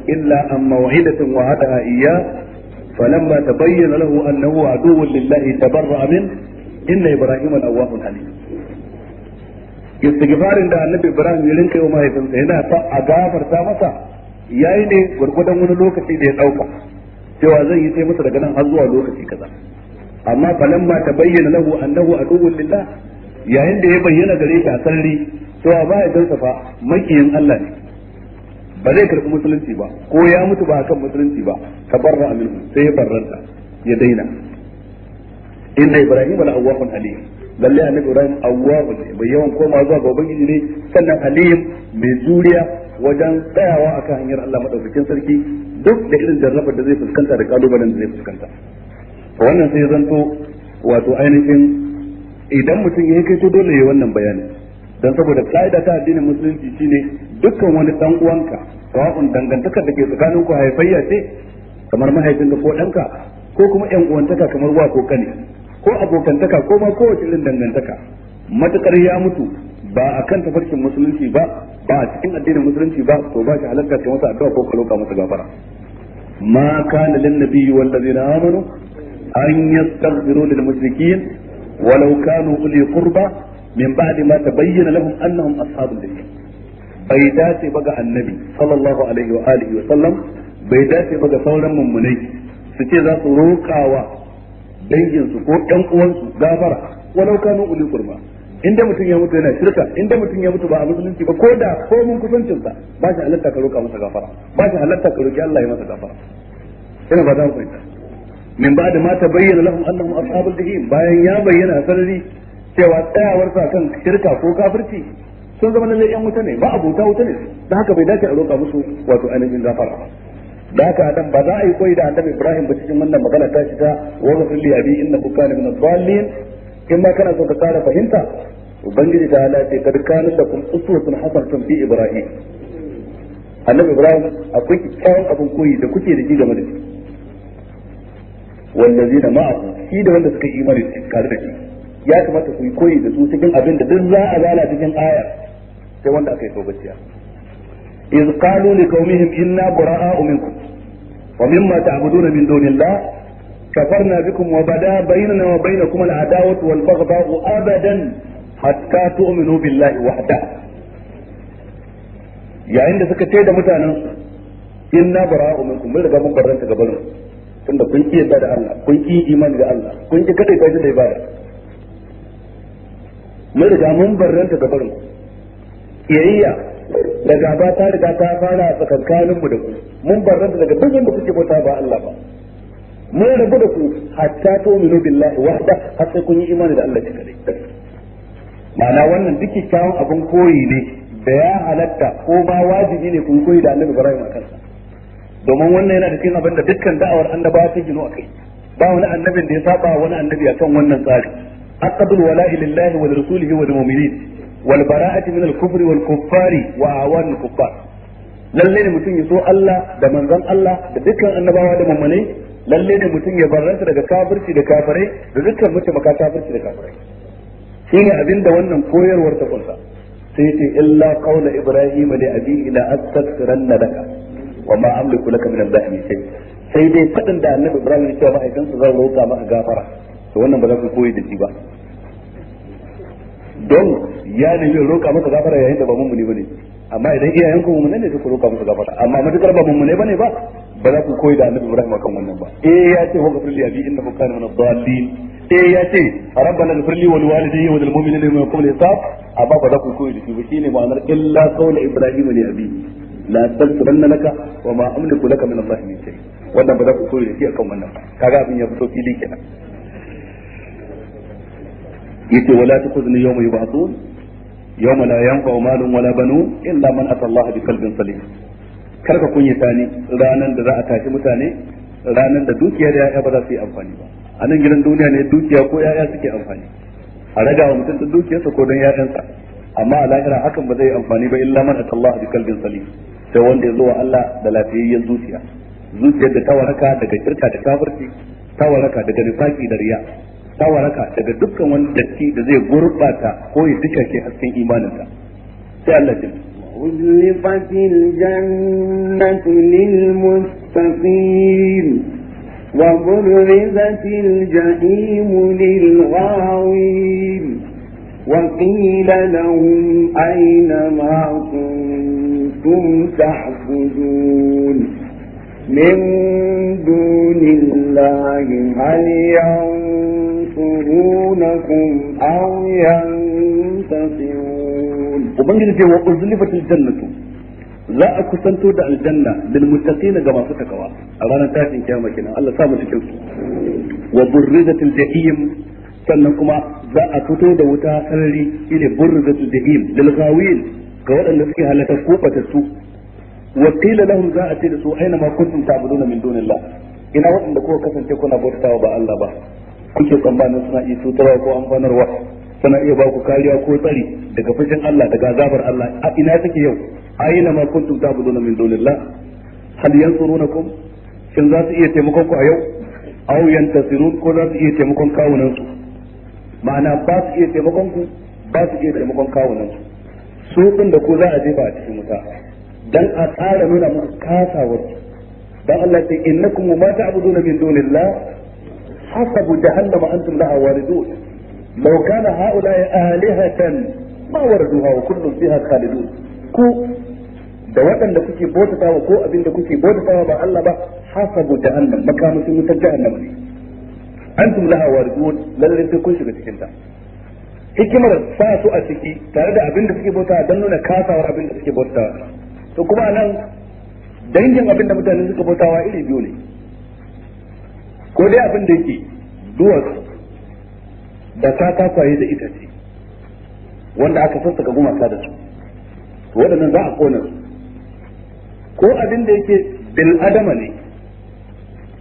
illa an mawhidatin wa hada iyya falamma tabayyana lahu annahu aduwwun lillahi tabarra'a min inna ibrahim al-awwahun halim istighfarin da annabi ibrahim ya rinka yi wa mahaifinsa yana ta a gafarta masa yayi ne gurgudan wani lokaci da ya dauka cewa zan yi sai masa daga nan har zuwa lokaci kaza amma ta bayyana lahu annahu aduwwun lillah yayin da ya bayyana gare shi a sarri cewa ba ya fa makiyin Allah ne ba zai karɓi musulunci ba ko ya mutu ba akan musulunci ba ka barra aminu sai ya barranta ya daina inna ibrahim la awwahun alim lalle annabi ibrahim awwahun bai yawan koma zuwa ga ubangiji ne sannan alim mai juriya wajen tsayawa akan hanyar Allah madaukakin sarki duk da irin jarrabar da zai fuskanta da kalubalen da zai fuskanta wannan sai zanto wato ainihin idan mutum ya kai dole ya wannan bayani dan saboda ka'ida ta addinin musulunci shine dukkan wani dan uwanka sawa'un dangantakar da ke tsakanin ku haifayya ce kamar mahaifinka ko ɗanka ko kuma ƴan uwantaka kamar wa ko kane ko abokantaka ko ma kowace irin dangantaka matukar ya mutu ba a kan tafarkin musulunci ba ba a cikin addinin musulunci ba to ba shi halatta ka masa addu'a ko ka roƙa masa gafara ma kana lin nabiyyi wal ladina amanu an yastaghfiru lil mushrikeen walau kanu uli qurba min ba'di ma tabayyana lahum annahum ashabul jahim bai dace ba ga annabi sallallahu alaihi wa alihi wa sallam bai dace ba ga sauran mummunai su ce za su roƙawa danginsu ko ƴan uwansu gafara walau kanu uli qurba inda mutum ya mutu yana shirka inda mutum ya mutu ba a musulunci ba ko da ko mun kusancin sa ba shi halatta ka roka masa gafara ba shi halatta ka roki Allah ya masa gafara ina ba za mu fahimta min ba da ma ta bayyana lahum annahum ashabul jahim bayan ya bayyana sarari cewa tsayawar sa kan shirka ko kafirci sun zama lalle yan wuta ne ba abota wuta ne da haka bai dace a roka musu wato ainihin gafara da haka adam ba za a yi koyi da annabi Ibrahim ba cikin wannan magana ta shi ta wa rabbil abi innahu kana min adh-dhalin in ma kana so ka tsara fahimta ubangiji ta ala ce kad kana da kun uswatun hasanatun fi ibrahim annabi ibrahim akwai kyakkyawan abin koyi da kuke da shi game da shi wallazina ma'ahu shi da wanda suka yi imani tare da shi ya kamata ku yi koyi da su cikin abin da duk za a zala cikin aya sai wanda aka yi tobaciya iz qalu liqaumihim inna bura'a'u minkum wa mimma ta'buduna min dunillah كفرنا بكم وبدا بيننا وبينكم العداوة والبغضاء أبدا حتى تؤمنوا بالله وحده yayin da suka ce da mutanen mun riga mun barranta gaban tunda kun ki yadda da Allah Allah kun ki kada kai mun riga mun barranta gaban kiyayya da gaba ta riga daga dukkan da kuke bauta ba Allah ba mun rabu da ku hatta tu'minu billahi wahda har sai kun yi imani da Allah kadai ma'ana wannan duk kyakkyawan abin koyi ne da ya halatta ko ba wajibi ne kun koyi da Annabi Ibrahim a sa domin wannan yana da cikin abin da dukkan da'awar annabawa ta gino akai ba wani annabin da ya saba wani annabi akan wannan tsari aqdul wala'i lillahi wa rasulihi wa mu'minin wal bara'ati min al kufri wal kuffari wa awan kuffar lalle ne mutum ya so Allah da manzon Allah da dukkan annabawa da mummunai lalle ne mutum ya barranta daga kafirci da kafirai da dukkan mace maka kafirci da kafirai ne abin da wannan koyarwar ta kunsa sai ce illa qawla ibrahima li abi ila astaghfiranna laka wa ma amliku laka min al-bahmi shay sai dai fadin da annabi ibrahim ya ce ba aikan su zan roƙa maka gafara to wannan ba za ku koyi da shi ba don ya zai roƙa maka gafara yayin da ba mummuni bane amma idan iyayen ku mun ne suka roƙa maka gafara amma matukar ba ne bane ba ba za ku koyi da annabi Ibrahim akan wannan ba eh ya ce wa gafirli abi innahu kana min ad eh ya ce rabbana gafirli wa liwalidayya wa lil mu'minina yawma yaqumul hisab amma ba za ku koyi da shi ba shine ma'anar illa qawla ibrahim li abi la tastaranna laka wa ma amliku laka min Allah min shay wannan ba za ku koyi da shi akan wannan kaga abin ya fito fili kenan yace wala tukhzini yawma yub'athun yawma la yanfa'u malun wala banu illa man ata Allah bi qalbin salim karka kunyata ni ranar da za a tashi mutane ranar da dukiya da ya'ya ba za su yi amfani ba a nan gidan duniya ne dukiya ko ya'ya suke amfani a raga wa mutum din dukiyarsa ko don ya'yansa amma a lahira hakan ba zai yi amfani ba illa man atallah bi kalbin salim sai wanda ya zo wa Allah da lafiyayyen zuciya zuciyar da ta waraka daga shirka da kafirci ta waraka daga nifaki da riya ta waraka daga dukkan wani datti da zai gurbata ko ya duka ke hasken imaninta sai Allah ya
وأزلفت الجنة للمستقيم وبرزت الجحيم للغاوين وقيل لهم أين ما كنتم تحفظون من دون الله هل ينصرونكم أو
ينتصرون ubangiji ce wa uzlifatil jannatu za a kusanto da aljanna lil muttaqin ga masu takawa a ranar tashin kiyama kenan Allah sa mu cikin su wa burrizatil jahim sannan kuma za a fito da wuta sarari shine burrizatil jahim lil ghawin ga waɗanda suke halaka ko su wa qila lahum za a ce da su aina ma kuntum ta'buduna min dunillah ina waɗanda kuka kasance kuna bautawa ba Allah ba kuke tsammanin suna isu tarawa ko amfanarwa tana iya ba ku kariya ko tsari daga fushin Allah daga azabar Allah a ina take yau aina ma kuntum ta'buduna min dunillah hal yansurunakum shin za su iya taimakon ku a yau aw yantasirun ko za su iya taimakon kawunan su ma'ana ba su iya taimakon ku ba su iya taimakon kawunan su su din da ku za a jefa a cikin wuta dan a tsara nuna muku kasawar dan Allah sai innakum ma ta'buduna min dunillah hasabu jahannama antum laha waridun لو كان هؤلاء آلهة ما وردوها وكل فيها خالدون كو da waɗanda kuke bautata wa ko abin da kuke bautata ba Allah ba hasabu jahannam makamashin wutar jahannam ne antum laha waridun lalle sai kun shiga cikin ta hikimar sa su a ciki tare da abin da suke bauta don nuna kasawar abin da suke bauta to kuma nan dangin abin da mutane suka bautawa iri biyu ne ko dai abin da yake duwatsu da kwaye da itace wanda aka sassaka gumaka da su to waɗannan za a kona su ko abin da yake bil adama ne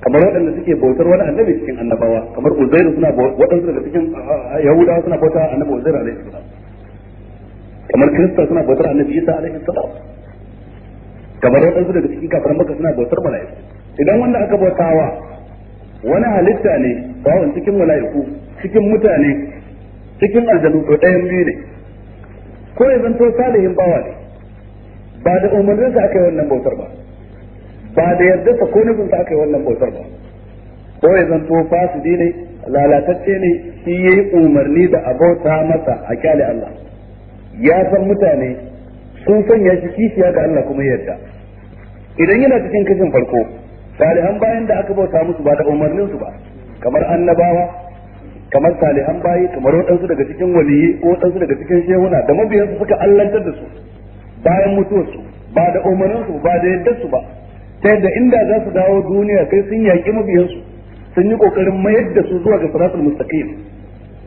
kamar waɗanda suke bautar wani annabi cikin annabawa kamar uzairu suna waɗansu daga cikin yahudawa suna bautar annabi uzairu alaihi salam kamar kirista suna bautar annabi isa alaihi salam kamar waɗansu daga cikin kafiran maka suna bautar mala'iku idan wanda aka bautawa wani halitta ne bawon cikin mala'iku cikin mutane cikin aljanu ko ɗayan biyu ne ko ya zanto salihin bawa ne ba da sa aka yi wannan bautar ba ba da yardarsa ko nufinsa aka yi wannan bautar ba ko ya zanto fasidi ne lalatacce ne shi ya yi umarni da abauta masa a kyale Allah ya san mutane sun sanya shi kishiya ga Allah kuma yarda idan yana cikin kashin farko salihan bayan da aka bauta musu ba da umarninsu ba kamar annabawa kamar salihan bayi kamar waɗansu daga cikin waliyi ko waɗansu daga cikin shehuna da mabiyansu suka allantar da su bayan mutuwarsu ba da umarninsu ba da yadda su ba ta yadda inda za su dawo duniya kai sun yaƙi mabiyansu sun yi ƙoƙarin mayar da su zuwa ga siratul mustaqim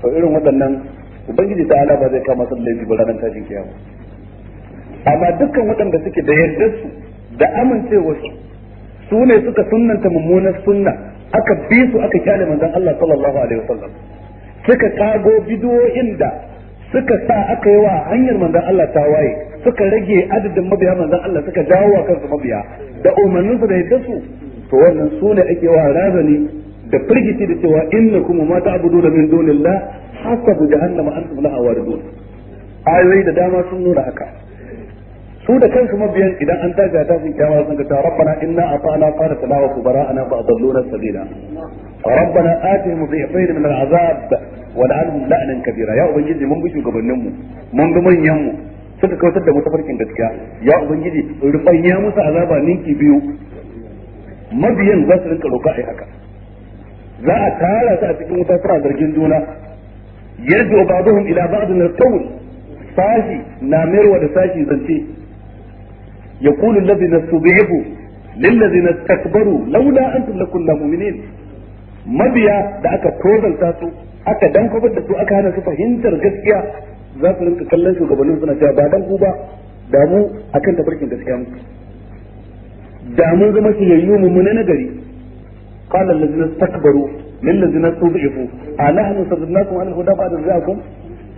to irin waɗannan ubangiji ta ala ba zai kama su da ba ranar tashin kiyama amma dukkan waɗanda suke da yadda su da amincewar su ne suka sunnanta mummunar sunna aka bi su aka kyale manzon Allah sallallahu alaihi wasallam suka kago bidiyoyin da suka sa aka yi wa hanyar manzon Allah ta waye suka rage adadin mabiya manzon Allah suka jawo wa kansu mabiya da umarnin su da yadda su to wannan su ne ake wa razani da firgici da cewa innakum ma ta'buduna min dunillah hasabu jahannama antum laha waridun ayoyi da dama sun nuna haka su da kansu mabiyan idan an tashi a sun kyawa sun ga rabbana inna ata'na qala salawa kubara'ana fa adalluna sabila rabbana atihim dhi'fayn min al'azab wa la'anhum la'nan kabira ya ubangiji mun bi shugabannin mu mun bi manyan mu suka kautar da mutafarkin gaskiya ya ubangiji rubanya musu azaba ninki biyu mabiyan za su rinka roƙa ai haka za a tara su a cikin wuta suna zargin juna ba zuhun ila ba'd min al-qawl sashi na mayarwa da sashi zance yaqulu alladhina istud'ifu lilladhina istakbaru laula antum lakunna mu'minin mabiya da aka tozanta su aka dankwafar da su aka hana su fahimtar gaskiya za su rinka kallon shugabannin suna cewa ba dan ku ba damu akan tafarkin gaskiya mu da mun zama shiryayyu mummune na gari qala allazina istakbaru lil ladzina stud'ifu alahnu sabbnakum an huda ba'da zaakum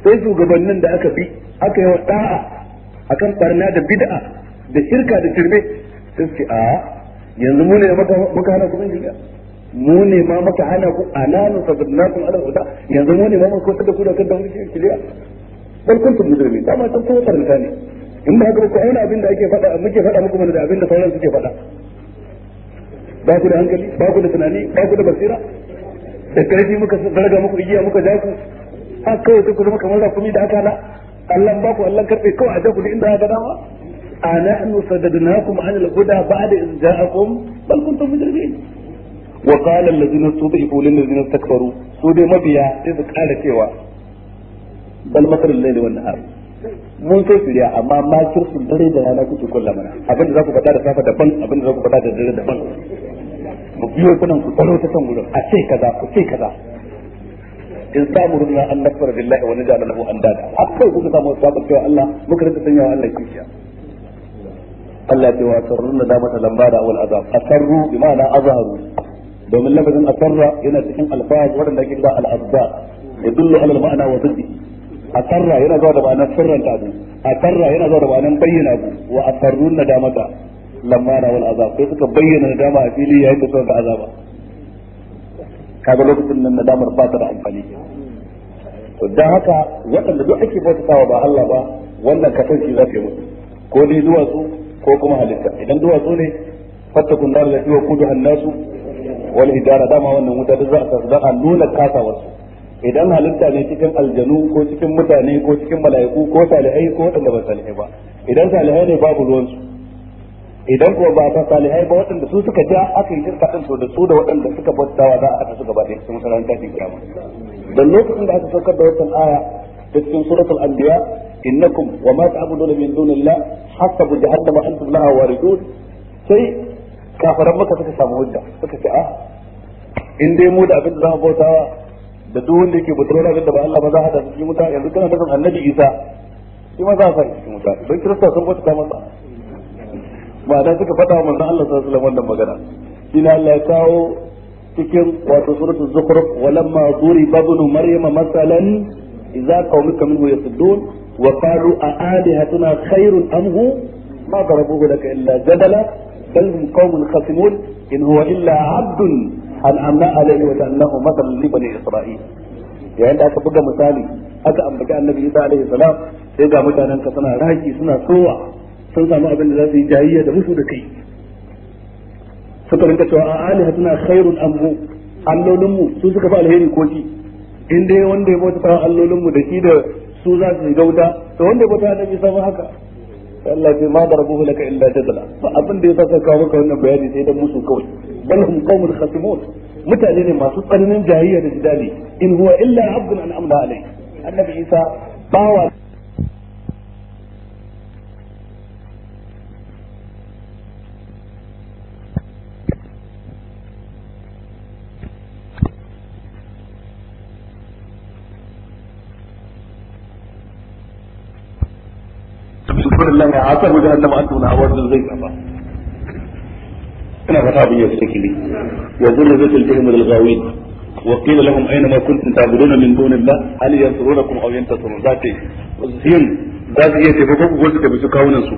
sai shugabannin da aka bi aka yi da'a akan barna da bid'a da shirka da shirme sai ce a yanzu mu ne maka hana ku zan mu ne ma maka hana ku ananu sabirnakum ala huda yanzu mu ne ma maka kusa da ku da kan da wani shirya bal kuntum mujrimi dama san ko faranta ne in ba haka ku auna abin da ake faɗa muke faɗa muku mana da abin da sauran suke faɗa ba ku da hankali ba ku da tunani ba ku da basira da karfi muka zarga muku igiya muka ja ku har kawai sai ku zama kamar za ku mi da aka na Allah ba ku Allah karfe kawai a ja ku inda ya aka dama أنحن صددناكم عن الهدى بعد إذ جاءكم بل كنتم مجرمين وقال الذين استضعفوا للذين استكبروا سودي مبيا إذ قال سوى بل مكر الليل والنهار mun kai firiya amma ma kirsun dare da rana kuke kulla mana abin da za ku faɗa da safa daban abin da za ku faɗa da dare daban mu biyo kunan ku tsaro ta kan gurin a ce kaza ku ce kaza in samu rubna an nafar billahi wa najala lahu andada akai kuka samu sabon cewa Allah muka rinka wa Allah kishiya Allah ya ce wa sarrun da damata da awal azab asarru bi ma'ana azharu domin lafazin asarra yana cikin alfaz wadanda ake cewa al azab yadullu ala al ma'ana wa ziddi asarra yana zuwa da ma'anar sirranta abu asarra yana zuwa da ma'anar bayyana abu wa asarrun da damata da awal azab sai suka bayyana dama a fili yayin da suka ga azaba kaga lokacin nan nadamar ba ta da amfani to dan haka waɗanda duk ake bautawa ba Allah ba wannan kasan shi za ta yi musu ko dai duwatsu ko kuma halitta idan duwatsu ne fattakun nar da kiwa kudu hannasu wal hijara dama wannan wuta da za a nuna kasawarsu idan halitta ne cikin aljanu ko cikin mutane ko cikin mala'iku ko salihai ko waɗanda ba salihai ba idan salihai ne babu ruwansu idan kuma ba ta salihai ba waɗanda su suka ja aka yi shirka ɗin to da su da waɗanda suka bautawa za a haɗa su gaba ɗaya cikin masarar tashin kiyama don lokacin da aka saukar da wannan aya da cikin suratul anbiya innakum wa ma ta'buduna min dunillah hasabu jahannama antum laha waridun sai kafaran maka suka samu hujja suka ce a in dai mu da abin da za mu bautawa da duk wanda yake bautar da abin da ba Allah ba za a hada cikin wuta yanzu kana da annabi Isa shi ma za a sa cikin wuta don kirista sun bauta masa ma'ana suka faɗa wa manzon Allah sallallahu alaihi wasallam wannan magana ina Allah ya kawo cikin wato suratul zukhruf walamma duriba ibn maryama masalan idza qaumuka minhu yasuddun wa qalu a alihatuna khairun am hu ma darabuhu illa jadala bal hum qaumun khasimun in huwa illa abdun an'amna alayhi wa ta'annahu yayin da aka buga misali aka ambaci annabi isa alaihi salam sai ga mutanen ka suna raki suna sowa sun samu abin da za su yi jayayya da musu da kai suka rinka cewa a alihatuna khairun am hu allolinmu su suka fi alheri ko shi in dai wanda ya bauta ta allolin mu da shi da su za su gauta wuta to wanda ya bauta annabi sama haka Allah ce ma darabuhu laka illa jadala ba abin da ya saka kawo maka wannan bayani sai dan musu kawai bal hum qawmun khasimun mutane ne masu tsananin jahiliya da jidali in huwa illa abdun an amla alai annabi Isa bawa billahi ya asabu jahannama an tuna awar zai kafa ina fata abin ya saki ne wa zurru zatil jahim lil ghawin wa qila lahum aina ma kuntum ta'buduna min dunillah hal yansurunakum aw yantasirun zati zin
za su iya taimakon
ku ko su kawunan su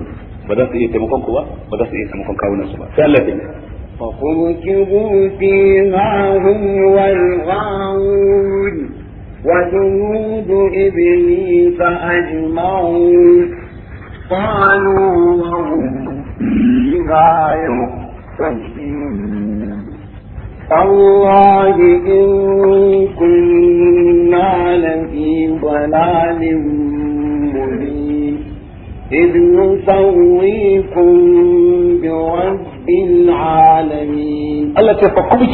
ba za su iya taimakon ku ba ba za su iya taimakon kawunan su ba sai Allah ya taimaka
فكركبوا فيها هم والغاوون وجنود إبليس قالوا وهم فيها
يختلفون
الله إن كنا لفي ضلال مبين إذ نسويكم برب العالمين
الله تفقبك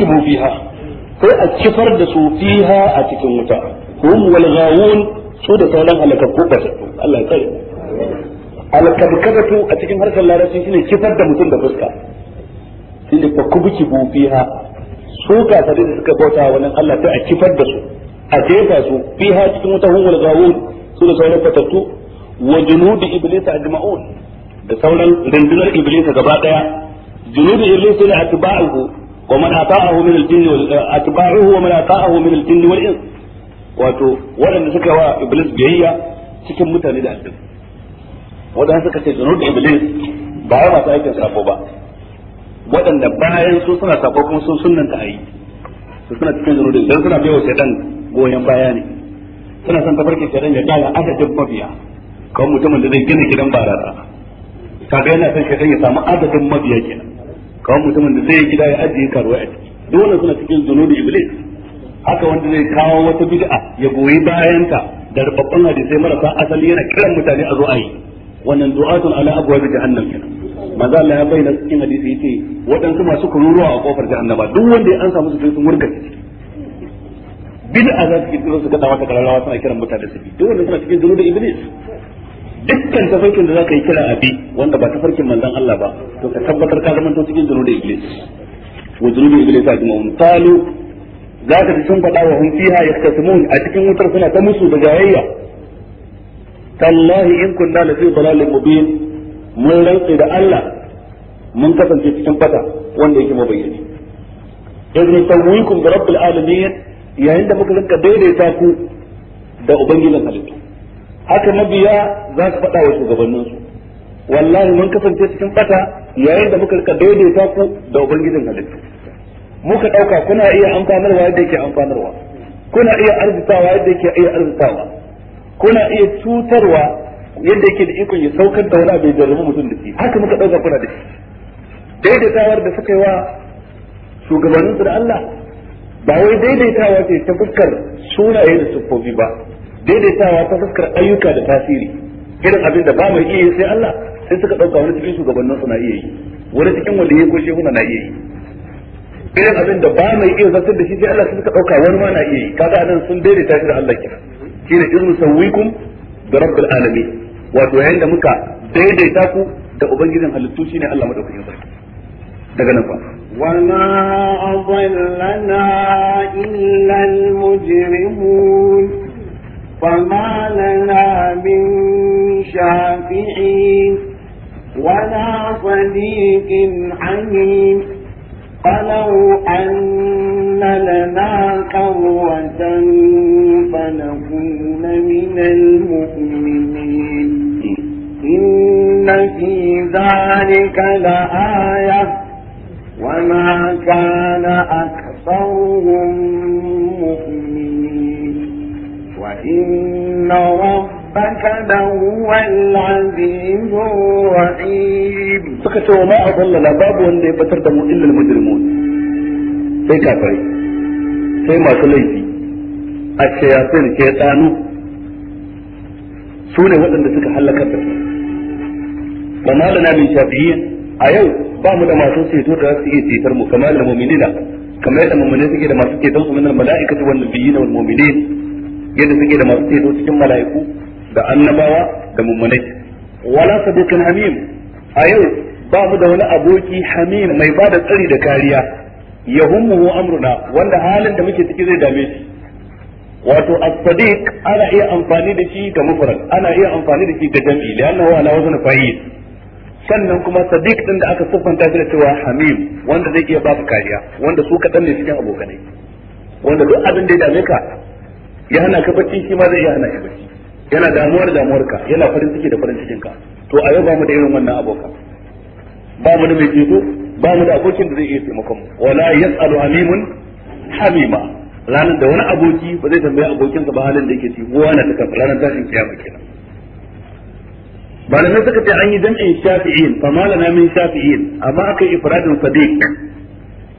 sai a kifar da su fiha a cikin wuta hum wal ghawun su da sauran halakakku ba su Allah ya alkabkabatu a cikin harshen larabci shine kifar da mutum da fuska shine fa kubuki bu fiha su kafirai da suka bauta wani Allah ta a kifar da su a jefa su fiha cikin wata hungul gawun su da sauran fatattu wa junudi iblis ajma'un da sauran rundunar iblis gaba daya junudi iblis ne atba'uhu wa man ata'ahu min al-jinni wal atba'uhu wa man ata'ahu min al-jinni wal ins wato waɗanda suka wa iblis biyayya cikin mutane da aljanna wadanda suka ce zunud iblis ba ya masu aikin sako ba waɗanda bayan su suna sako kuma sun ta ayi su suna cikin zunud dan suna biyo shaitan goyen baya ne suna son tafarkin shaitan ya kara adadin mabiya kawai mutumin da zai gina gidan barasa kaga yana son shaitan ya samu adadin mabiya kenan kawai mutumin da zai gida ya ajiye karuwa a ciki dole suna cikin da iblis haka wanda zai kawo wata bid'a ya goyi bayanta da rubabban hadisai marasa asali yana kiran mutane a zo a yi wannan du'atun ala abwabi jahannam kenan manzo Allah ya bayyana cikin hadisi yace waɗansu masu kururuwa a kofar jahannama duk wanda ya ansa musu sai sun wurgace bid'a za su kira su kada mata kararrawa suna kiran mutane su bi duk wanda suna cikin zuru da iblis dukkan tafarkin da zaka yi kira abi wanda ba tafarkin manzon Allah ba to ka tabbatar ka zama to cikin zuru da iblis wa zuru da iblis a jima'un Za ka ji sun faɗa wa hum fiha yaktasimun a cikin wutar suna ta musu da jayayya tallahi in kunna la fi dalalin mubin mun rantsi da Allah mun kasance cikin fata wanda yake mabayyani idan tawwikum bi rabbil alamin yayin da muka rinka daidaita ku da ubangijin halittu haka mabiya za su faɗa wa shugabannin su wallahi mun kasance cikin fata yayin da muka ku da halittu muka ɗauka kuna iya amfanarwa yadda yake amfanarwa kuna iya arzikawa yadda yake iya arzikawa kuna iya cutarwa yadda yake da ikon ya saukar da wani abu ya jarrabu mutum da shi haka muka ɗauka kuna da shi daidaitawar da suka yi wa shugabannin su da Allah ba wai daidaitawa ce ta fuskar sunaye da siffofi ba daidaitawa ta fuskar ayyuka da tasiri irin abin da ba mai iya sai Allah sai suka ɗauka wani cikin shugabannin su na iya yi wani cikin wanda ya goshe kuna na iya yi irin abin da ba mai iya zartar da shi sai Allah sai suka ɗauka wani ma na iya yi kaga anan sun daidaita shi da Allah kenan shine in sawwikum da rabbil alamin wato yayin da muka daidaita ku da ubangijin halittu shine Allah madaukakin sarki daga nan fa
وما أضلنا إلا المجرمون fama لنا من شافعين ولا صديق حميم فلو أن لنا كرة نكون من المؤمنين إن في ذلك لآية وما كان أكثرهم مؤمنين وإن ربك لهو العزيز الرحيم
سكتوا وما أضل لباب وأن يبتر دموا إلا المجرمون sai سيما sai ke tsanu su ne waɗanda suka halaka da ba ma lana min shafi'in a yau ba mu da masu ceto da su iya cetar mu kamar da mu'minina kamar yadda mu'minai suke da masu ceton su mala'ika su wal nabiyina wal muminai yadda suke da masu ceto cikin mala'iku da annabawa da mu'minai wala sadiqan hamim a yau ba mu da wani aboki hamim mai ba da tsari da kariya yahummuhu amruna wanda halin da muke ciki zai dame shi wato as-sadiq ana iya amfani da shi ga mufrad ana iya amfani da shi ga jam'i li'annahu ala wazn fa'il sannan kuma sadiq din da aka siffanta shi da cewa hamim wanda zai iya babu kariya wanda su kadan ne cikin abokanai wanda duk abin da ya dame ka ya hana ka bacci shi ma zai iya hana ka bacci yana damuwar damuwarka yana farin ciki da farin cikin ka to a yau ba mu da irin wannan abokan ba mu da mai ceto ba mu da abokin da zai iya taimakon mu wala yas'alu hamimun hamima ranar da wani aboki ba zai tambayi abokinsa ba halin da yake ciki kowa na kafa ranar tashin kiyama kenan malamai suka ce an yi jam'in shafi'in fa malana min shafi'in amma aka ifradin sadiq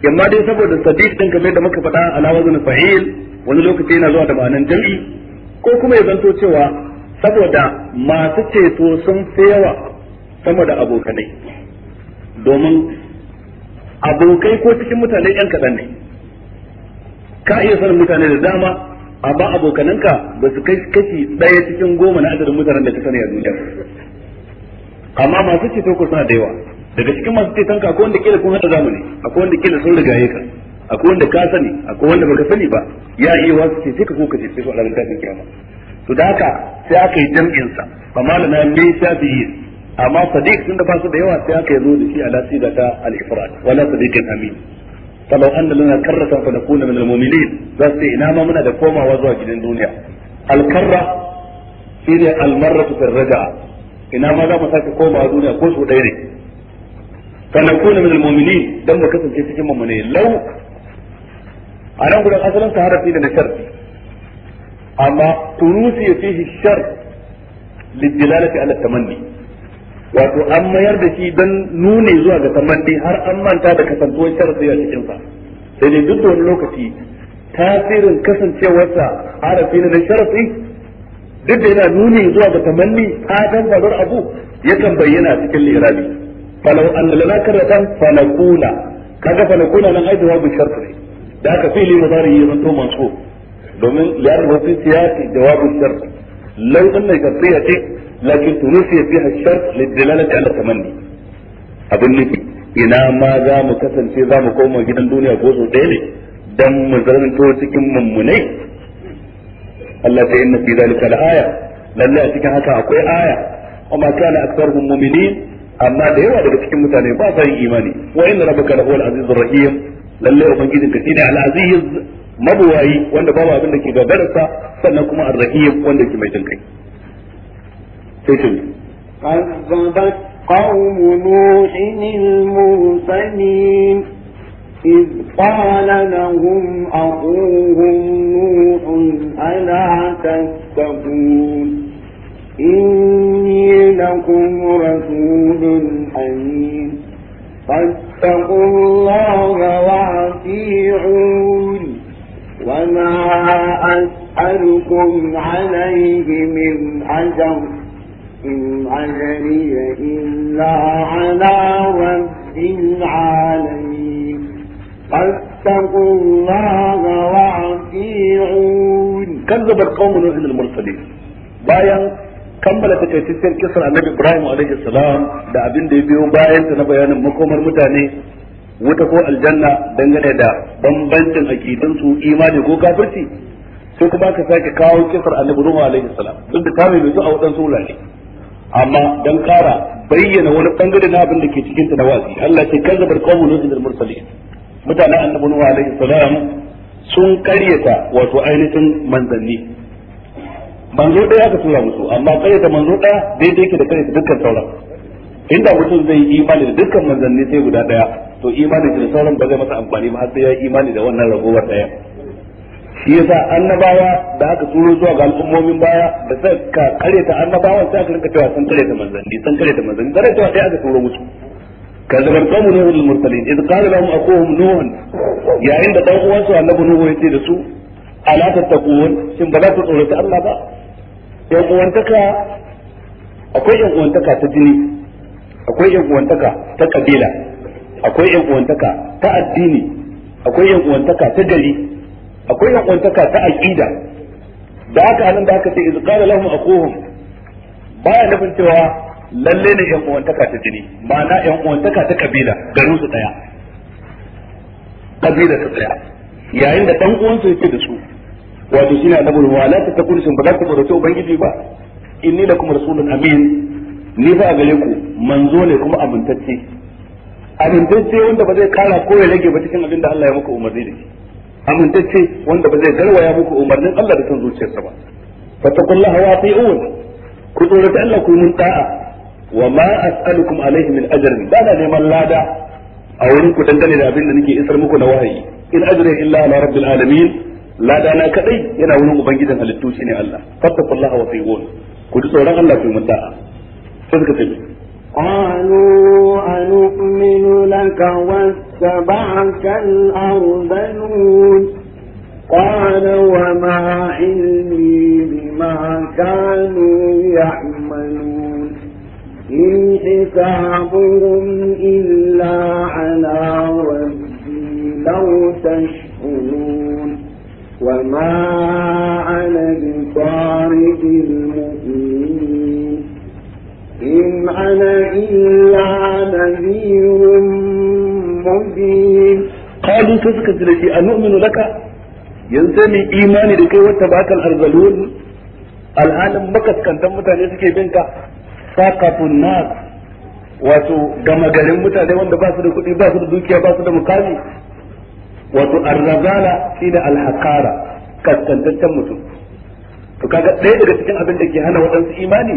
amma dai saboda sadiq din kamar da muka faɗa ala wazn fa'il wani lokaci yana zuwa da ma'anan jam'i ko kuma ya zanto cewa saboda masu ceto sun fi yawa sama da abokanai domin abokai ko cikin mutane yan kaɗan ne ka iya sanin mutane da dama amma abokananka ba su kai kashi ɗaya cikin goma na adadin mutanen da ka sani a duniya amma masu ceto ko suna da yawa daga cikin masu ceton ka akwai wanda kila kun hada zamani akwai wanda kila sun riga ka akwai wanda ka sani akwai wanda baka sani ba ya iya wasu ce sai ka ko ka ce su a ranar tashin kiyama to da haka sai aka yi jam'in sa na malana sha biyu amma sadiq sun da ba su da yawa sai aka yi zo da shi a lasiga ta al-ifrad wala sadiqin amin falau anna lana karratan fa nakuna min almu'minin za su ina ma muna da komawa zuwa gidan duniya alkarra shine almarratu fil raja'a ina ma za mu sake komawa duniya ko su ɗaya ne fa nakuna min almu'minin dan mu kasance cikin mu ne lau a nan gudan asalin sa da na sharfi amma turusi ya fihi shar lidilalati wato an mayar da shi don nune zuwa ga sammandi har an manta da kasantuwar sharafi a cikinsa sai dai duk da wani lokaci tasirin kasancewarsa harafi na sharafi duk da yana nuni zuwa ga tamanni fatan faruwar abu yakan bayyana cikin lirabi falau an lana karatan falakuna kaga falakuna nan aiki babu sharfi ne da aka fi fili mudari ya zanto manso domin lirabi wasu siyasi jawabin sharfi lau din ne sharfiya ce lakin tunusiya fiha shart lidalalati ala tamanni abin nufi ina ma za mu kasance za mu koma gidan duniya ko so ɗaya ne dan mu zanto cikin mummunai Allah ta inna fi zalika al-aya lalle a cikin haka akwai aya amma kana aktsaruhum mu'minin amma da yawa daga cikin mutane ba sa yin imani wa inna rabbaka lahuwal azizur rahim lalle ubangijin ka shine al-aziz mabuwayi wanda babu abin da ke gagararsa sannan kuma ar-rahim wanda ke mai jin kai
sai قوم نوح المرسلين إذ قال لهم أخوهم نوح ألا تستقون إني لكم رسول أمين فاتقوا الله وأطيعون وما أسألكم عليه من أجر إن أجري إلا على رب
العالمين فاتقوا الله وأطيعون كذب القوم نوح المرسلين bayan kammala بلا kisar annabi Ibrahim alaihi salam da abin da ya biyo bayanta na bayanin makomar mutane wuta ko aljanna dangane da bambancin su imani ko kafirci sai kuma ka sake kawo kisar annabi Nuhu alaihi salam duk da ta mai a waɗansu wurare amma dan kara bayyana wani bangare na abin da ke cikin ta na wasi Allah ce kan zabar qawmun nuhil mursalin mutanen annabi nuhu alaihi salam sun karyata wato ainihin manzanni manzo ɗaya aka tura musu amma karyata manzo ɗaya daidai ke da karyata dukkan sauran inda mutum zai yi imani da dukkan manzanni sai guda ɗaya to imanin da sauran ba zai masa amfani ba har sai ya yi imani da wannan ragowar ɗaya shi yasa annabawa da aka turo zuwa ga al'ummomin baya da sai ka kare ta annabawan sai aka rinka cewa sun kare ta manzanni sun kare ta manzanni kare ta sai aka turo musu kazabar qawmu idan mursalin id mu lahum aquhum nuhun yayin da dan uwansu annabi nuhu yace da su ala tattaqun shin ba za ku tsoro ta Allah ba yan uwantaka akwai yan uwantaka ta jini akwai yan uwantaka ta kabila akwai yan uwantaka ta addini akwai yan uwantaka ta gari akwai yan uwantaka ta aqida da aka anan da aka ce iz qala lahum aquhum baya nufin cewa lalle ne yan uwantaka ta jini ma'ana yan uwantaka ta kabila garin su daya kabila ta daya yayin da dan uwansu yake da su wato shine annabi wala ta takun shin ba za ku tsoro ubangiji ba inni lakum rasulun amin ni fa a gare ku manzo ne kuma amintacce amintacce wanda ba zai kara ko ya rage ba cikin abin da Allah ya muku umarni da shi amintacce wanda ba zai garwaya muku umarnin Allah da son zuciyarsa ba fatakullaha wa ati'un ku tsorata Allah ku mun da'a wa ma as'alukum alayhi min ajrin ba da neman lada a wurin ku dangane da abin da nake isar muku na wahayi in ajri illa ala rabbil alamin lada na kadai yana wurin ubangijin halittu shine Allah fatakullaha wa ati'un ku tsoron Allah ku mun da'a sai ka ce
قالوا أنؤمن لك واتبعك الأرذلون قال وما علمي بما كانوا يعملون إن حسابهم إلا على ربي لو تشكرون وما أنا بطارد إلا نذير
مبين قالوا كيف كذلك أنؤمن لك ينزل إيماني لكي واتبعك الأرذلون العالم مكس كان تم تانيسك بنك ساقط الناس wato gama garin mutane wanda ba su da kuɗi ba su da dukiya ba su da mukami wato arrazala shine alhaqara kaskantaccen mutum to kaga ɗaya daga cikin abin da ke hana waɗansu imani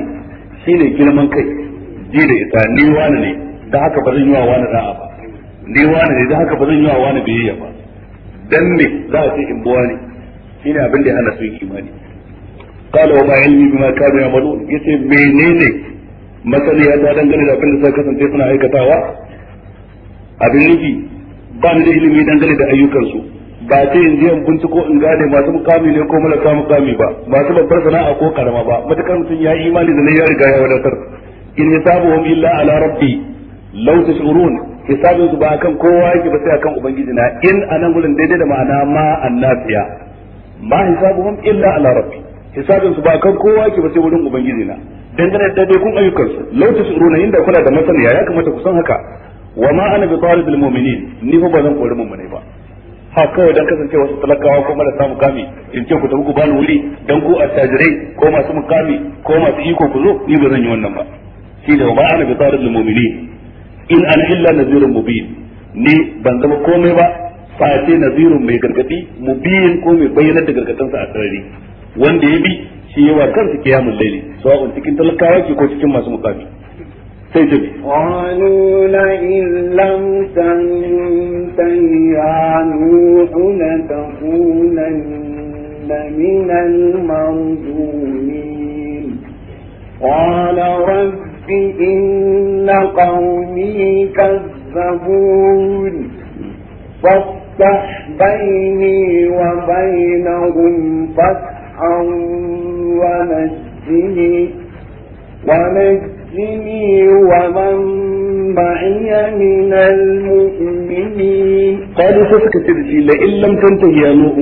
shine girman kai ji da ita ni wani ne da haka ba zan yi wa wani da'a ba ni wani ne da haka ba zan yi wa wani biyayya ba dan ne za a ce in buwa ne shine abin da ya hana su yin imani قال وما علمي بما كانوا يعملون yace menene masaniya ta dangane da abin da suka kasance suna aikatawa abin nufi ba ni da ilimi dangane da ayyukansu ba ce in je in binciko in gane masu mukami ne ko malaka mukami ba masu babbar sana'a ko karama ba matakan mutum ya yi imani da ne ya riga ya wadatar in hisabuhum illa ala rabbi law tashurun hisabun su ba akan kowa yake ba sai akan ubangiji na in anan gurin daidai da ma'ana ma annafiya ma hisabuhum illa ala rabbi hisabun su ba akan kowa yake ba sai wurin ubangiji na dangane da dai kun ayyukan su law tashurun inda kula da masaniya ya kamata ku san haka wa ma ana bi talibul mu'minin ni fa ba zan kori mun ba ha kawai dan kasance wasu talakawa ko marasa mukami in ce ku tafi ku bani wuri dan ku attajirai ko masu mukami ko masu iko ku zo ni ba zan yi wannan ba shine wa ma ana bi in ana illa nazirun mubin ni ban zama komai ba face nazirun mai gargadi mubin ko mai bayyana da gargadin sa a sarari wanda ya bi shi yawa kansa kiyamul laili sawa'un cikin talakawa ke ko cikin masu mukami sai ta bi
qalu la in lam tantahi ya nuhu la takunanna min al qala rabb إن قومي كذبون فافتح بيني وبينهم فتحا ونجني ونجني ومن معي من المؤمنين
قالوا فسكت الجيل إن لم تنتهي يا نوح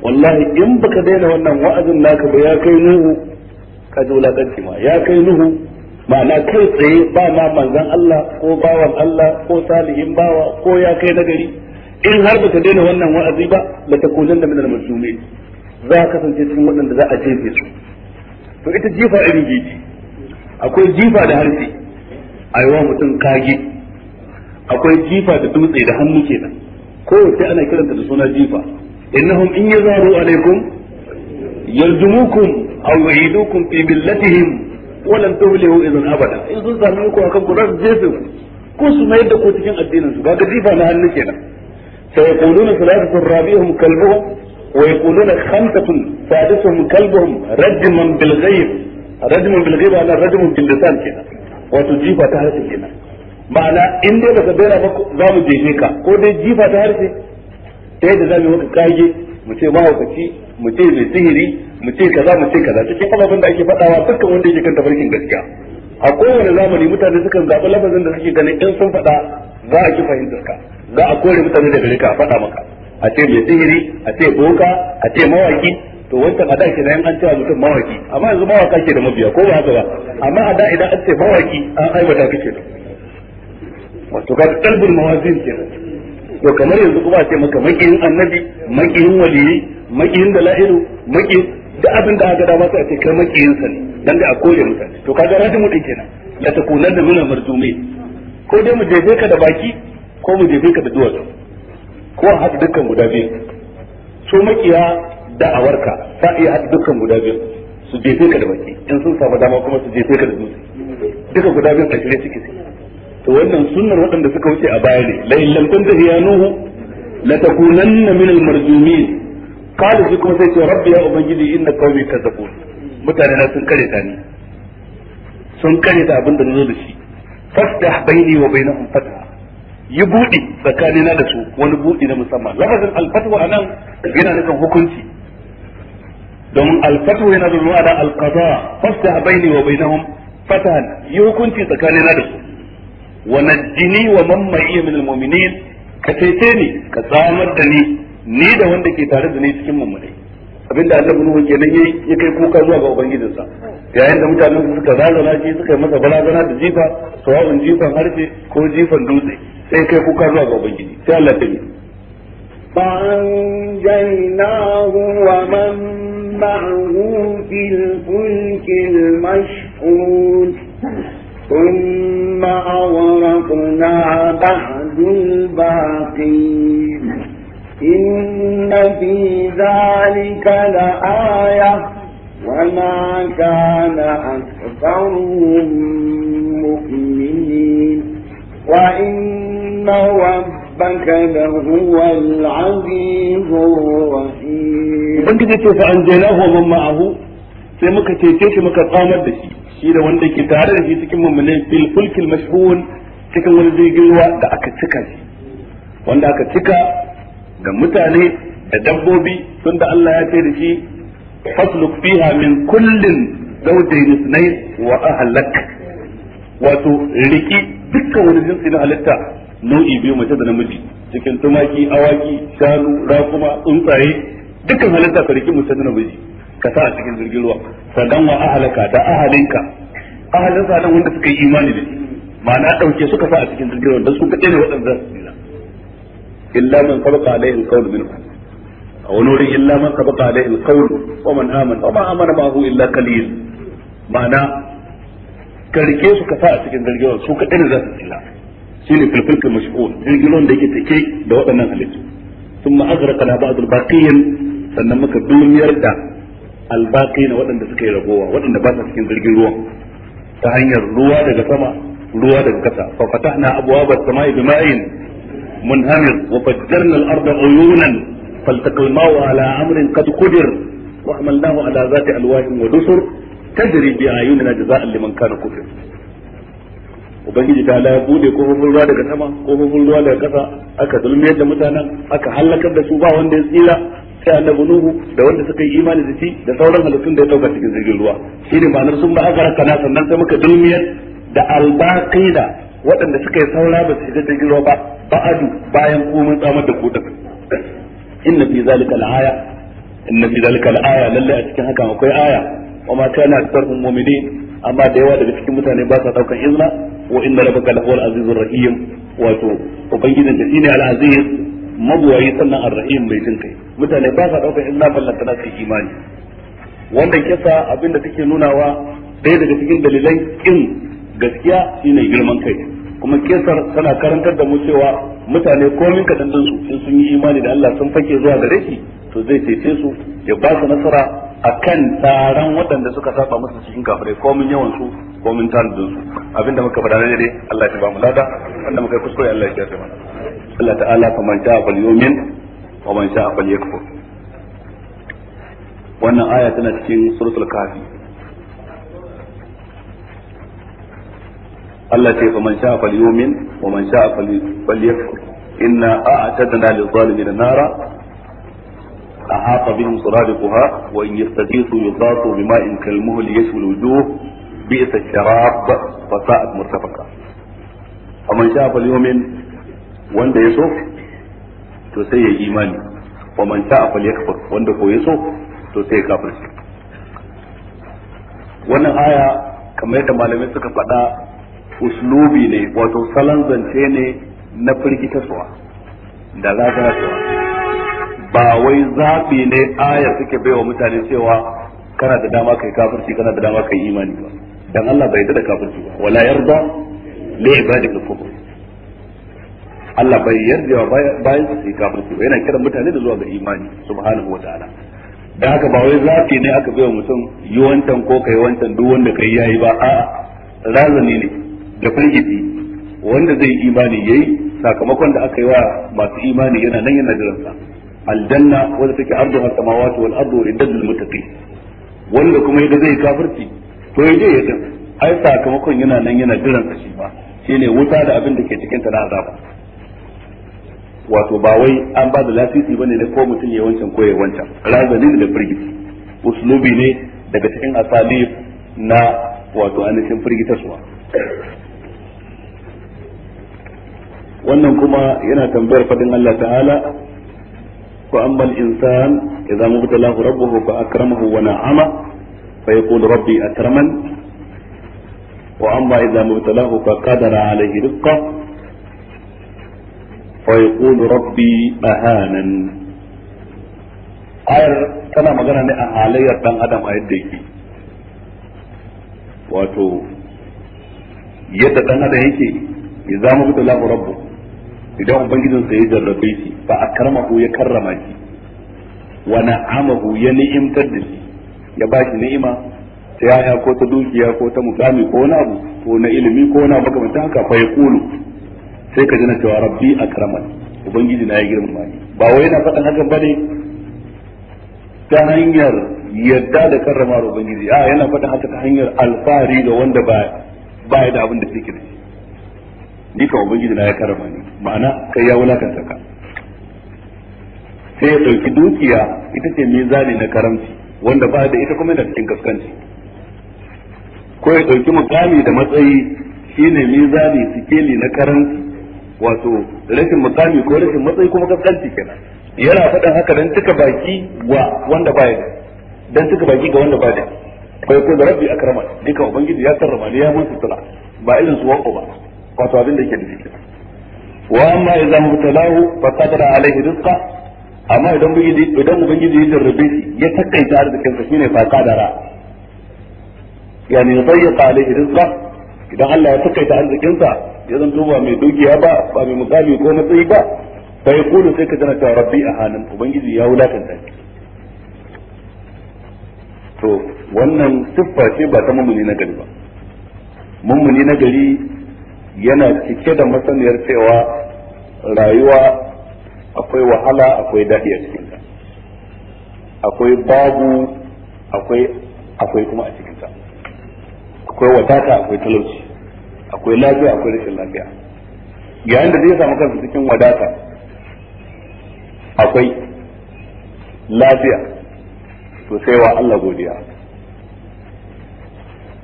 wallahi in baka daina wannan wa'azin naka ba ya kai nuhu ka ji wulakanci ma ya kai nuhu ma'ana kai tsaye ba ma manzan Allah ko bawan Allah ko salihin bawa ko ya kai nagari in har ba ta daina wannan wa'azi ba la da minar mazlumin za a kasance cikin waɗanda za a jefe su to ita jifa irin gidi akwai jifa da harshe a yawa mutum kage akwai jifa da dutse da hannu kenan ko sai ana kiranta da suna jifa innahum in yazaru alaikum yarjumukum aw yu'idukum fi millatihim walan tuflihu idan abada in sun sami ku akan ku zan jefe ku ko su mayar da ku cikin addinin su ba ga jifa na hannu kenan sai yaquluna thalathatu rabi'uhum kalbuhum wa yaquluna khamsatun sadisuhum kalbuhum rajman bil ghaib rajman bil ghaib ala rajman bil lisan kenan wato jifa ta harshe kenan ma'ana in dai baka daina ba za mu jefe ka ko dai jifa ta harshe ta yadda za mu yi maka kage mu ce mahaukaci mu ce mai sihiri mu ce kaza mu ce kaza cikin ababen da ake fadawa dukkan wanda yake kan tafarkin gaskiya a kowane zamani mutane sukan zaɓi lafazin da suke ganin in sun faɗa za a ki fahimtar ka za a kore mutane daga ka a faɗa maka a ce mai sihiri a ce boka a ce mawaki to wancan a da ke nan an cewa mutum mawaki amma yanzu mawaka ke da mabiya ko ba haka ba amma a da idan an ce mawaki an aiwata kake da wato ga dalbul mawazin kenan to kamar yanzu kuma a ce maka makin annabi makin waliyi makiyin dala'ilu makin da abin da aka dama sai a ce kai makin sa ne dan da a kore mutane to kaga mu din kenan la takunan da nuna marzume ko dai mu jefe ka da baki ko mu jefe ka da to ko a haɗa dukkan guda biyu su makiya da'awarka fa iya haɗa dukkan guda biyu su jefe ka da baki in sun samu dama kuma su jefe ka da dutse duka guda biyu a shirye suke suke to wannan sunnar waɗanda suka wuce a baya ne la illam tantahi ya nuhu la takunanna min al marjumin qala shi kuma sai ce rabbi ya ubangiji inna qaumi kadzabun mutane na sun kare ta ni sun kare ta abin da nazo da shi fasdah baini wa bainahum fatha yi buɗi tsakanina da su wani buɗi na musamman lafazin alfatwa a nan yana nufin hukunci domin alfatwa yana da ma'ana alqada fasdah baini wa bainahum fatahan yi hukunci tsakanina da su wa najjini wa man ma'iya min almu'minin ka taice ni ka tsamar da ni ni da wanda ke tare da ni cikin mummunai abinda annabi nuhu kenan yayi ya kai kuka zuwa ga ubangijinsa yayin da mutanen suka zalala shi suka masa balagana da jifa sawa'un jifan harfe ko jifan dutse sai kai kuka zuwa ga ubangiji sai Allah ta yi
فأنجيناه man معه في الفلك المشحون ثم أغرقنا بعد الباقين إن في ذلك لآية وما كان أكثرهم مؤمنين وإن ربك لهو العزيز الرحيم. Ubangiji ce fa an jaina wa man
ma'ahu sai shi da wanda ke tare da shi cikin mummune fil fulkil mashhun cikin wani jirgin ruwa da aka cika shi wanda aka cika ga mutane da dabbobi tunda Allah ya ce da shi fasluk fiha min kullin zawjayn ithnayn wa ahlak wato riki dukkan wani jinsi na halitta nau'i biyu mace da namiji cikin tumaki awaki shanu rakuma tsuntsaye dukkan halitta ka riki mace da namiji ka sa a cikin jirgin ruwa sadan wa ahalaka da ahalinka ahalin sa nan wanda suka yi imani da shi ma'ana dauke suka sa a cikin jirgin ruwa dan su kaɗai ne waɗanda za su tsira illa man sabaqa alaihi alqawl minhu a wani wurin illa man sabaqa alaihi alqawl wa man amana wa ma hu ma'ahu illa qalil ma'ana ka rike su ka sa a cikin jirgin ruwa su kaɗai ne za su tsira shine filfilkin mashhur jirgin ruwan da yake take da waɗannan halittu ثم أغرقنا بعض الباقين sannan muka duniyar da albaqi na waɗanda suka yi ragowa waɗanda ba sa cikin jirgin ruwa ta hanyar ruwa daga sama ruwa daga kasa fa fatahna abwaaba as-samaa'i bima'in munhamir wa fajjarna al-arda uyunan فالتقى الماء على امر قد قدر وحملناه على ذات الواح ودسر تجري باعيننا جزاء لمن كان كفر ubangiji ta ya bude kofofin ruwa daga sama kofofin ruwa daga kasa aka zulmiyar da mutanen aka halakar da su ba wanda ya tsira sai annabi nuhu da wanda suka yi imani da shi da sauran halittun da ya dauka cikin jirgin ruwa shine ma'anar sun ba aka rakana sannan sai muka dulmiyar da albaqida waɗanda suka yi saura ba su shiga jirgin ruwa ba ba'adu bayan komai tsamar da kudin inna fi zalika al-aya inna fi zalika al-aya lalle a cikin haka akwai aya wa ma kana aktsaruhum mu'minin amma da yawa daga cikin mutane ba sa daukan izna wa inna rabbaka lahuwal azizur rahim wato ubangijin da shine al-aziz mabuwayi sannan arrahim mai jin kai mutane ba sa daukar illa ballanta na kai imani wanda kisa abinda take nunawa ɗaya daga cikin dalilan kin gaskiya shine girman kai kuma kisar tana karantar da mu cewa mutane komin dandan su in sun yi imani da Allah sun fake zuwa gare shi to zai cece su ya ba su nasara akan taron waɗanda suka saba musu cikin kafirai komin yawan su komin tanadin su abinda muka faɗa ne dai Allah ya ba mu lada wanda muka kuskure Allah ya kiyaye mana Allah ta'ala faman sha'a falyumin wa man sha'a falyakfur wannan aya tana cikin suratul kafi Allah ce faman sha'a falyumin wa man sha'a falyakfur inna a'tadna lil-zalimin nara أحاط بهم سرادقها وإن يستغيثوا يغاثوا بماء كالمهل يشوي الوجوه بئس الشراب وساءت مرتفقا فمن شاء فليؤمن wanda ya so to sai ya imani wa man sha'a falyakfur wanda ko ya so to sai ya kafirce wannan aya kamar yadda malamai suka faɗa uslubi ne wato salon zance ne na firgitarwa da razanarwa ba wai zaɓi ne aya suke baiwa mutane cewa kana da dama kai kafirci kana da dama kai imani ba dan Allah bai yarda da kafirci ba wala yarda li ibadika kufur Allah bai yarda wa bayan su yi kafirci ba yana kiran mutane da zuwa ga imani subhanahu wataala da haka ba wai zafi ne aka bai wa mutum yi wancan ko kai wancan duk wanda kai yayi ba a'a razani ne da firgiti wanda zai imani yayi sakamakon da aka yi wa masu imani yana nan yana sa aljanna wanda take arduha samawati wal ardu riddat lil muttaqin wanda kuma yadda zai kafirci to yaje ya din ai sakamakon yana nan yana sa shi ba shine wuta da abin da ke cikin ta na azaba wato ba wai an ba da lasisi bane ne ko mutum ya wancan ko ya wancan razali ne da firgici uslubi ne daga cikin asali na wato ainihin firgitarsuwa wannan kuma yana tambayar fadin Allah ta'ala ko ammal insan idza mubtalahu rabbuhu fa akramahu wa na'ama fa yaqulu rabbi akraman wa amma idza mubtalahu fa qadara alayhi rizqahu Rabi ربي أهانا ayar tana magana ne a halayyar dan adam a yadda yake wato yadda dan adam yake ya zama mutu lahu rabbu idan ubangijin sa ya jarrabe shi fa akramahu ya karrama shi wa na'amahu ya ni'imtar da shi ya ba shi ni'ima ta yaya ko ta dukiya ko ta mukami ko wani abu ko na ilimi ko wani abu kamar haka fa sai ka jina cewa rabbi akraman ubangiji na ya girma ni ba wai yana faɗin hakan ne. ta hanyar yadda da karrama ubangiji a yana faɗin haka ta hanyar alfahari ga wanda ba ya da abin da take da shi ni ka ubangiji na ya karama ni ma'ana kai ya wulakanta ka sai ya ɗauki dukiya ita ce mizani na karamci wanda ba da ita kuma yana cikin kaskanci ko ya ɗauki mukami da matsayi shine mizani sikeli na karamci. wato rashin mukami ko rashin matsayi kuma kaskanci kenan yana faɗin haka dan tuka baki wa wanda baya da dan tuka baki ga wanda baya da ko ko da rabbi akrama dika ubangiji ya karrama ne ya mun sutura ba irin su wanko ba wato abin da yake da shi wa amma idan mutalahu fa qadara alaihi rizqa amma idan ubangiji idan ubangiji ya jarrabe shi ya takaita arzikin sa shine fa qadara yani yadayqa alaihi rizqa idan Allah ya takaita arzikin sa ya zan ba mai dukiya ba ba mai mukami ko matsayi ba fa kulu sai ka tana ta rabbi a hannun ubangiji ya wulakanta shi to wannan siffa ce ba ta mummuni na gari ba mummuni na gari yana cike da masaniyar cewa rayuwa akwai wahala akwai daɗi a cikinta akwai babu akwai akwai kuma a cikinta akwai wadata akwai talauci akwai lafiya akwai rashin lafiya yayin da zai samu kansa cikin wadata akwai lafiya to sai wa Allah godiya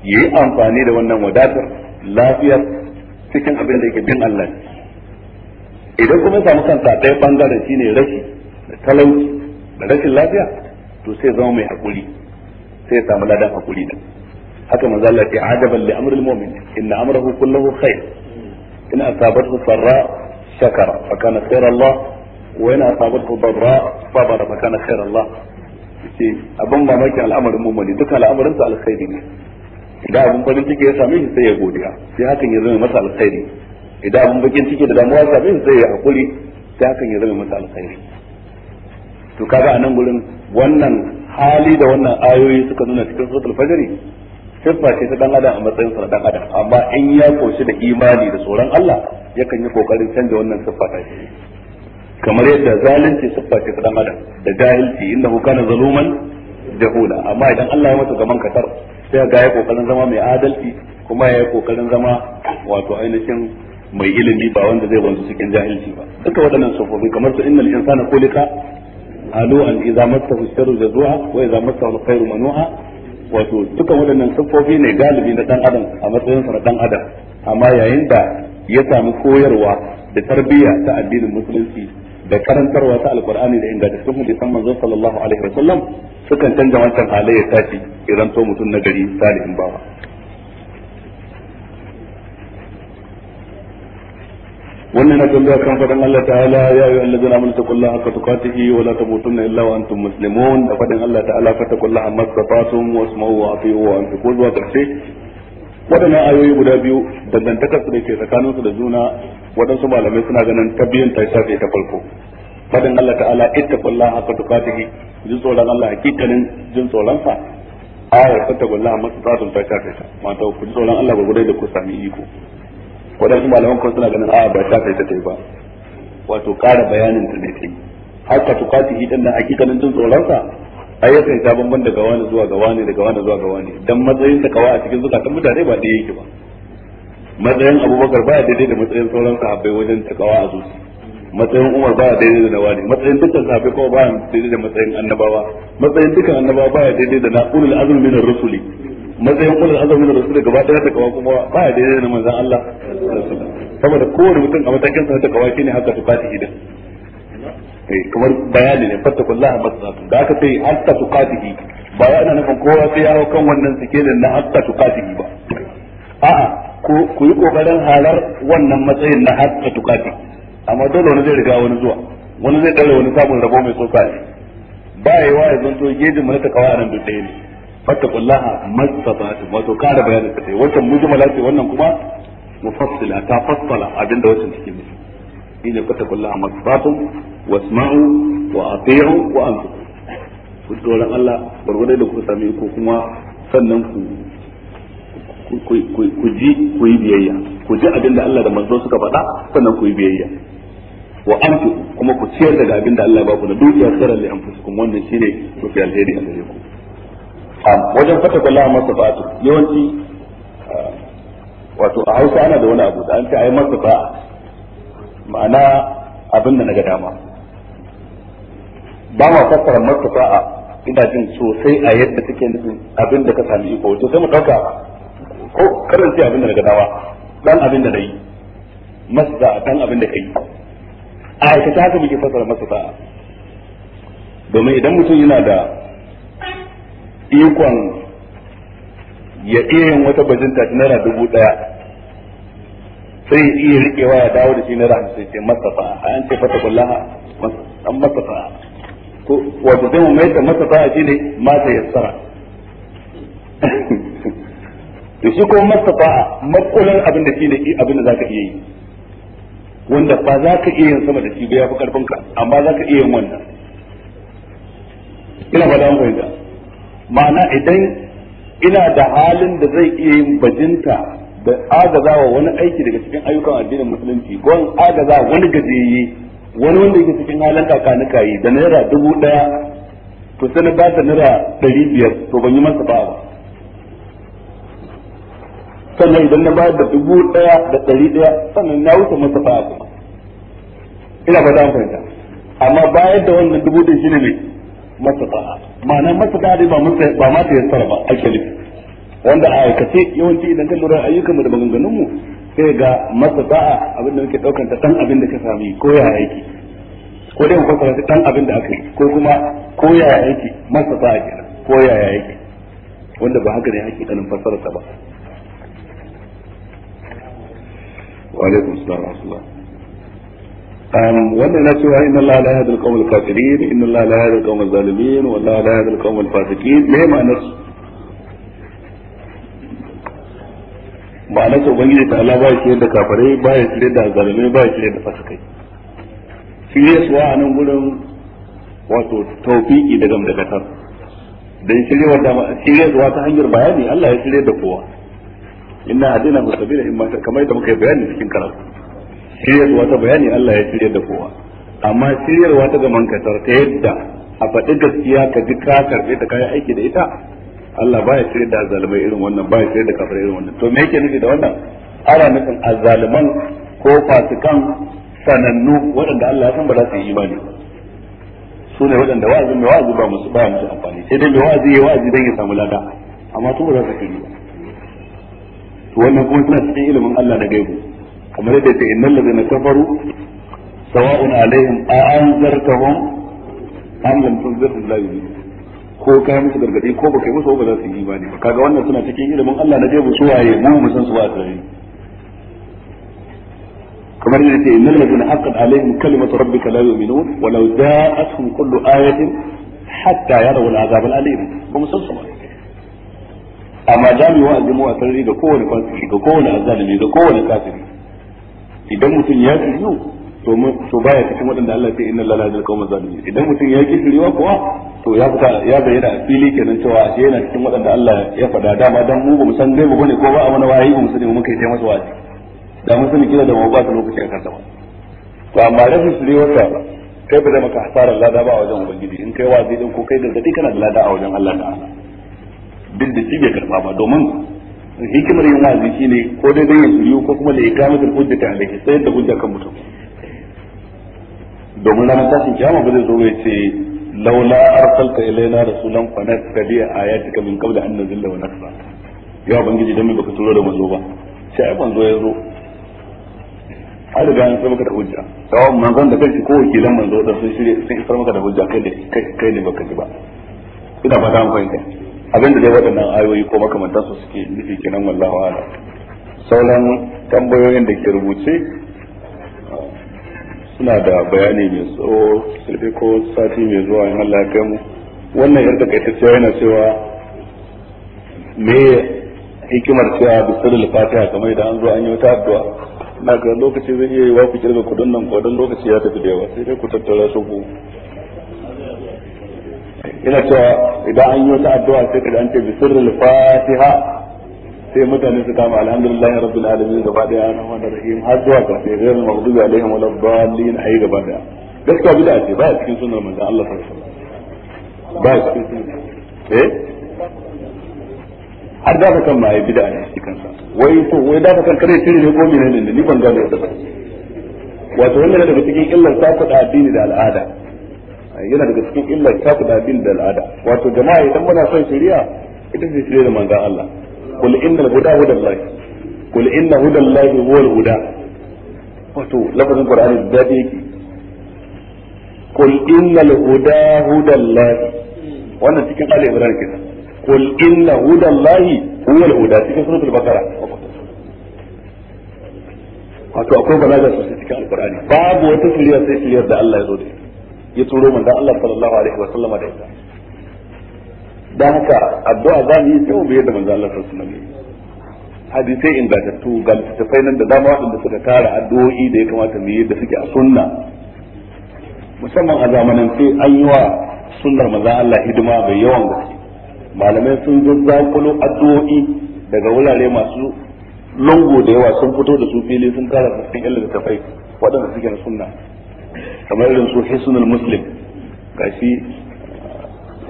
yi amfani da wannan wadatar lafiyar cikin abin da yake bin Allah idan kuma samu kansa ɗaya bangaren shine rashi da talauci da rashin lafiya to sai zama mai hakuri sai samu ladan hakuri da. haka manzo Allah ya ajaban li amril mu'min inna amrahu kulluhu khair in asabathu sarra shakara fa kana khairan Allah wa in asabathu darra sabara fa kana khairan Allah ce abin mamaki al'amarin mu'mini duk al'amarin sa alkhairi ne idan abun farin ciki ya same shi sai ya godiya sai hakan ya zama masa alkhairi idan abun bakin ciki da damuwa ya same shi sai ya hakuri sai hakan ya zama masa alkhairi to kaga a nan gurin wannan hali da wannan ayoyi suka nuna cikin suratul fajr siffa ce ta dan adam a matsayin sa dan adam amma in ya koshi da imani da tsoron Allah yakan yi kokarin canja wannan siffa ta shi kamar yadda zalunci siffa ce ta dan adam da jahilci innahu kana zaluman jahula amma idan Allah ya masa gaman katar sai ga ya kokarin zama mai adalci kuma ya yi kokarin zama wato ainihin mai ilimi ba wanda zai wanzu cikin jahilci ba duka waɗannan sufofi kamar su innal insana kulika alu an idza massahu sharru jazua wa idza massahu alkhairu manua wato duka waɗannan siffofi ne galibi na dan adam a matsayin sa na dan adam amma yayin da ya samu koyarwa da tarbiyya ta addinin musulunci da karantarwa ta alkur'ani da da san manzo sallallahu alaihi wasallam sukan canza wancan halayya tashi idan to mutum na gari salihin bawa wannan na tambaya kan fadan Allah ta'ala ya ayu allazina amanu taqullaha haqqa tuqatihi wa la tamutunna illa wa antum muslimun da fadan Allah ta'ala amma wa ati'u wa anfiqu ayoyi guda biyu dangantakar su da ke tsakanin su da juna malamai suna ganin tabbiyin ta ta farko fadan Allah ta'ala ittaqullaha jin tsoron Allah hakikanin jin tsoron sa amma ta ta ku tsoron Allah gurgurai da ku sami iko waɗansu malaman kuma suna ganin a ba kai ta tai ba wato ƙara bayanin ta ne tai haka tukati idan nan hakikanin jin tsoronsa ai ya kai bamban daga wani zuwa ga wani daga wani zuwa ga wani dan matsayin ta kawa a cikin zukatan mutane ba da yake ba matsayin abubakar baya daidai da matsayin sauran sahabbai wajen takawa a zuci matsayin umar baya daidai da nawani matsayin dukkan sahabbai kuma baya daidai da matsayin annabawa matsayin dukkan annabawa baya daidai da na ulul azmi minar rusuli matsayin kullum azumi da rasul gaba daya ta kawa kuma ba ya daidai da manzon Allah saboda kowane mutum a matakin sa ta kawa shine haka tukati hidan eh kamar bayani ne fattakullaha masatun da aka ce hatta gida ba wai ana nufin kowa sai ya hau kan wannan da na hatta gida ba a'a ku yi kokarin halar wannan matsayin na ta tukati amma dole wani zai riga wani zuwa wani zai dare wani samun rabo mai sosai. ne ba wa ya zanto gejin mana ta kawo a nan da ɗaya ne fattaqullaha mastata'tum wato kara bayanin ta sai wannan mujmala ce wannan kuma mufassila ta fassala abinda wannan take nufi shine fattaqullaha mastata'tum wasma'u wa ati'u wa anfiqu ku tsoron Allah gurgurda da ku sami ko kuma sannan ku ku ji ku yi biyayya ku ji abin da Allah da manzo suka faɗa sannan ku yi biyayya wa antu kuma ku ciyar daga abinda Allah ba ku na dukiya sarar li anfusukum wannan shine ku fi alheri a gare ku wajen fata a masa fa'atu yawanci wato a hausa ana da wani abu da an ce ai masa fa'a ma'ana abin da na ga dama ba ma fassara masa fa'a ina jin sosai a yadda take nufin abin da ka sami iko wato sai mu ɗauka ko karin sai abin da na ga dama dan abin da yi masa fa'a dan abin da yi a aikata haka muke fassara masa fa'a domin idan mutum yana da ikon ya iya yin wata bajinta ta naira dubu daya sai ya iya rikewa ya dawo da shi naira hamsin ce masafa a yance ce fata kullaha an masafa ko wato zai mai ta masafa a shine ma ta yassara da shi ko masafa a makulan abin da shine abin da zaka iya yi wanda ba za ka iya yin sama da shi ba ya fi karfinka amma za ka iya yin wannan ina ba da an fahimta ma'ana idan ina da halin da zai iya yin bajinta da agaza wa wani aiki daga cikin ayyukan addinin musulunci ko an agaza wani gajiyayye wani wanda yake cikin halin kakanuka yi da naira dubu daya to sai na ba ta naira ɗari biyar to ban yi masa ba ba sannan idan na ba da dubu ɗaya da ɗari ɗaya sannan na wuce masa ba ba ina ba ta fahimta amma bayan da wannan dubu ɗin shi ne masata ma'ana masata dai ba ba ma ta yassara ba ake nufi wanda a aikace yawanci idan kan lura ayyukan mu da maganganun mu sai ga masata abin da muke daukan ta dan abin da ka sami ko ya aiki ko dai ko karanta dan abin da aka yi ko kuma ko ya aiki masata kenan ko ya aiki wanda ba haka ne hakikanin fassarar ta ba wa alaikum assalam wa rahmatullah Um, wannan na cewa inna Allah la yahdi al-qawm al-kafirin inna Allah la yahdi al-qawm al-zalimin wa la yahdi al-qawm al-fasiqin me ma'anar ma'ana ta ubangiji ta Allah ba shi da kafirai ba ya shirye da zalimai ba ya shirye da fasikai shi yesuwa a nan gurin wato tawfiki daga mdakatar dan shiryewar da zuwa ta hanyar bayani Allah ya shirye da kowa inna hadina musabila imma kamar yadda muka yi bayani cikin karatu shiryarwa ta bayani Allah ya shirya da kowa amma shiryarwa ta zaman kasar ta yadda a faɗi gaskiya ka ji ka karɓe ta kayan aiki da ita Allah baya shirya da zalimai irin wannan baya shirya da kafar irin wannan to me yake nufi da wannan ana nufin azzaliman ko fasikan sanannu waɗanda Allah ya san ba za su yi imani su ne waɗanda wa'azi mai wa'azi ba musu ba musu amfani sai dai mai wa'azi ya wa'azi don ya samu lada amma su ba za su kiri ba to wannan kuma suna cikin ilimin Allah na gaibu kamar yadda yake innal ladina kafaru sawa'un alaihim a anzartahum am lam tunzirhum la yu'minun ko ka musu gargadi ko baka yi musu ba za su yi imani ba kaga wannan suna cikin ilimin Allah na jebu suwaye mu mu san su ba tare kamar yadda yake innal ladina haqqat alaihim kalimatu rabbika la yu'minun wa law ja'atuhum kullu ayatin hatta yarawu al'azab al'alim ba mu san su ba amma jami'u azimu a sarari ga kowane fasiki da kowane azalimi da kowane kafiri idan mutum ya yau to to baya cikin waɗanda Allah ya ce inna lillahi wa inna zalimin idan mutum ya ki shiryuwa kuwa to ya fita ya bayyana a fili kenan cewa ashe yana cikin waɗanda Allah ya faɗa dama dan mu bamu san mu bane ko ba a wani wayi bamu sani mu kai ta masa wa'azi da mun sani kila da mu ba ta lokacin kan ta ba to amma rashin shiryuwarsa kai ba da maka hasarar lada ba a wajen ubangiji in kai wa'azi din ko kai gargadi kana da lada a wajen Allah ta'ala duk da shi bai karba ba domin hikimar yin wa'azi ne ko dai zai yi ko kuma da da kamatul ta alaihi sai da hujja kan mutum domin na tashin kiyama ba zai zo ya ce laula arsalta ilaina rasulan fa nattabi ayatika min qabla an nazilla wa nakfa ya ubangiji dan me baka turo da manzo ba sai ai manzo ya zo an da an sai maka da hujja sawa manzon da kanki ko wakilan manzo da sun shirye sun isar maka da hujja kai ne kai ne baka ji ba ina ba ta abinda dai waɗannan ayoyi ko su suke nufi kenan wallahu ala sauran tambayoyin da ke rubuce suna da bayani mai tsawo sai ko sati mai zuwa in Allah ya mu wannan yar takaitacciya yana cewa me hikimar cewa bisirul fatiha kamar idan an zo an yi wata addu'a na ga lokaci zai iya yi wa ku kirga kudin nan kudin lokaci ya tafi da yawa sai dai ku tattara su ku ina cewa idan an yi wata addu'a sai kada an ce bi sirrul fatiha sai mutane su kama alhamdulillahi rabbil alamin gaba daya rahmanir rahim har zuwa ga sai gairin maghdubi alaihim wal dallin ayi gaba daya gaskiya bid'a ce ba cikin sunnar manzo Allah sallallahu alaihi
wasallam ba cikin sunnar
eh har da kan ma bid'a ne cikin sa wai to wai da kan kare tiri ne ko menene ne ni ban gane ba wato wannan daga cikin illar ta kuɗa addini da al'ada yana daga cikin illa ta bin da al'ada wato jama'a idan muna son shari'a ita ce shirya da manzon Allah kul innal huda hudallahi kul inna hudallahi huwal huda wato lafazin qur'ani da dadi yake kul innal huda hudallahi wannan cikin ali imran kenan kul inna hudallahi huwal huda cikin suratul baqara wato akwai balaga sosai cikin alqur'ani babu wata shari'a sai shari'ar da Allah ya zo da ya turo manzon Allah sallallahu alaihi wa sallama da ita dan haka addu'a za mu yi ta ubiye da yadda manzon Allah sallallahu alaihi wa sallama hadisai tu ga littattafai nan da dama waɗanda suka tara addu'o'i da ya kamata mu yi da suke a sunna musamman a zamanin sai an yi wa sunnar manzon Allah hidima bai yawan gaske malamai sun zazzakulo addu'o'i daga wurare masu lungu da yawa sun fito da su fili sun kara cikin da tafai waɗanda suke na sunna kamar irin su hisnul muslim gashi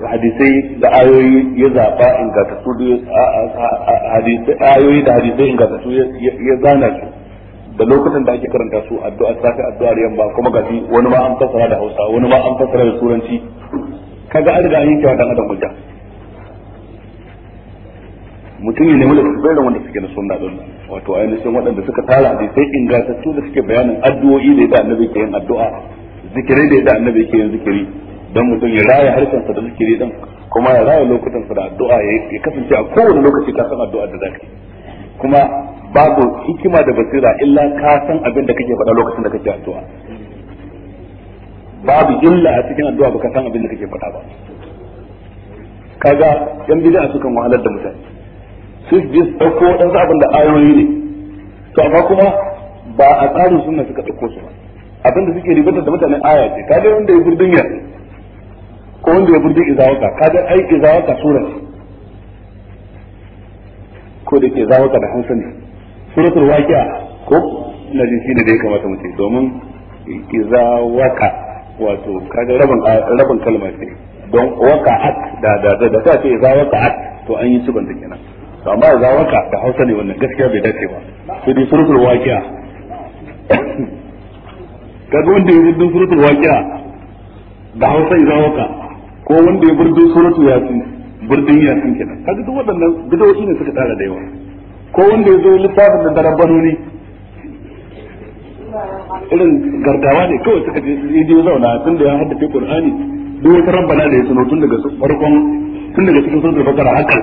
hadisai da ayoyi ya zaɓa ingantattu ayoyi da hadisai ingantattu ya zana su da lokutan da ake karanta su addu'a safi addu'ar yamma kuma gashi wani ma an fasara da Hausa wani ma an fasara da Turanci kaga an riga an yanke wa dan adam guda mutum ne nemi littattafai wanda suke na sunna din wato ainihin waɗanda suka tara hadisai ingantattu da suke bayanin addu'o'i da yadda annabi ke yin addu'a zikiri da yadda annabi yake yin zikiri don mutum ya raya harkarsa da zikiri din kuma ya raya lokutansa da addu'a ya kasance a kowane lokaci ka san addu'a da zaka kuma babu hikima da basira illa ka san abin da kake faɗa lokacin da kake addu'a babu illa a cikin addu'a ba ka san abin da kake faɗa ba kaga yan bid'a sukan wahalar da mutane su bi dauko dan abin da ayoyi ne to amma kuma ba a tsarin sunna suka dauko su ba abinda suke ribatar da mutanen aya ce kaga wanda ya burdun ya ko wanda ya burdun izawaka kaga ai izawaka sura ko da ke ka da hausa ne
suratul waqi'a
ko na shi ne da ya kamata mu ce domin izawaka wato kaga rabin rabin kalma ce don waka'at da da da da ta ce izawaka'at to an yi cibin da kenan to amma izawaka da hausa ne wannan gaskiya bai dace ba sai dai suratul waqi'a kaga wanda ya burdun suratul waqi'a da Hausa idan waka ko wanda ya burdun suratul yasin burdun yasin kenan kaga duk waɗannan bidoyi ne suka tsara da yawa ko wanda ya zo littafin da ne irin gargawa ne kawai suka je yi zauna tun da ya haddace Qur'ani duk wata rabbana da ya sano tun daga farkon tun daga cikin suratul baqara haka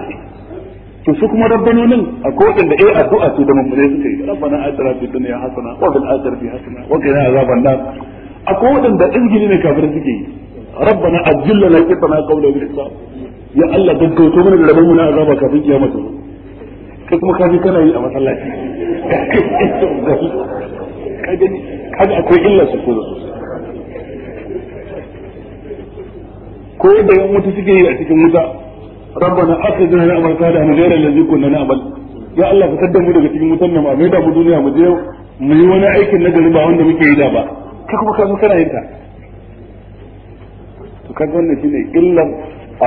to su kuma rabbanonin akwai waɗanda eh addu'a su da mummune suka yi rabbana atina fid dunya hasana wa fil akhirati hasana wa qina azaban nar akwai waɗanda izgili ne kafirai suke yi rabbana ajilla la kitana qawla bil islam ya Allah gaggauto mana da rabon na azaba kafin kiyama ta kai kuma kana yi a masallaci kaji akwai illa su ko da ko yan suke yi a cikin wuta ربنا akhrijna min amal salih min ghayri alladhi kunna na'mal ya Allah fitar daga cikin wutan nan mai da mu duniya mu je mu yi wani aikin na gari ba wanda muke yi da ba ka kuma ka kana yin ta to kaga wannan shine illan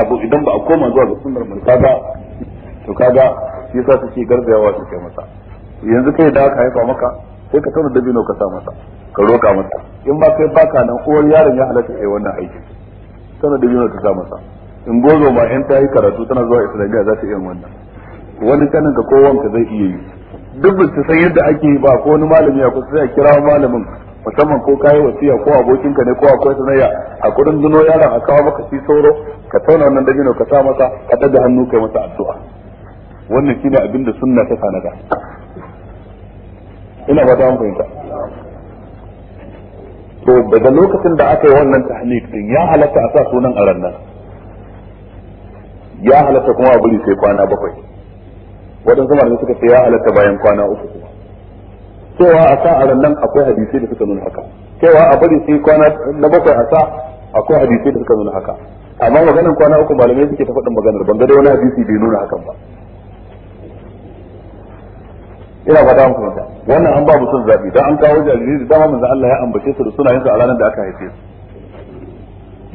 abu idan ba a koma zuwa ga sunnar mun kaga to kaga shi yasa suke garzayawa su kai masa yanzu kai da aka haifa maka sai ka tana dabino ka sa masa ka roka masa in ba kai baka nan uwar yaron ya halatta kai wannan aikin tana dabino ka sa masa in gozo ma in ta yi karatu tana zuwa islamiyya za ta iya wannan wani kanin ka ko wanka zai iya yi duk ba su san yadda ake yi ba ko wani malami ya kusa ya kira malamin musamman ko kayi wasiya ko abokin ka ne ko akwai sanayya a kudin duno yaron a kawo maka shi sauro ka tauna wannan dabino ka sa masa ka daga hannu kai masa addu'a wannan shine abin da sunna ta sanada ina ba ta fahimta to daga lokacin da aka yi wannan tahnik din ya halatta a sa sunan aran nan ya halatta kuma a bari sai kwana bakwai waɗansu malamai suka ce ya halatta bayan kwana uku kuma cewa a sa a nan akwai hadisi da suka nuna haka cewa a bari sai kwana na bakwai a sa akwai hadisi da suka nuna haka amma maganar kwana uku malamai suke ta faɗin maganar ban ga dai wani hadisi bai nuna hakan ba ina fata muku wannan an ba son zabi dan an kawo jariri da dama manzo Allah ya ambace su da su a ranar da aka haife su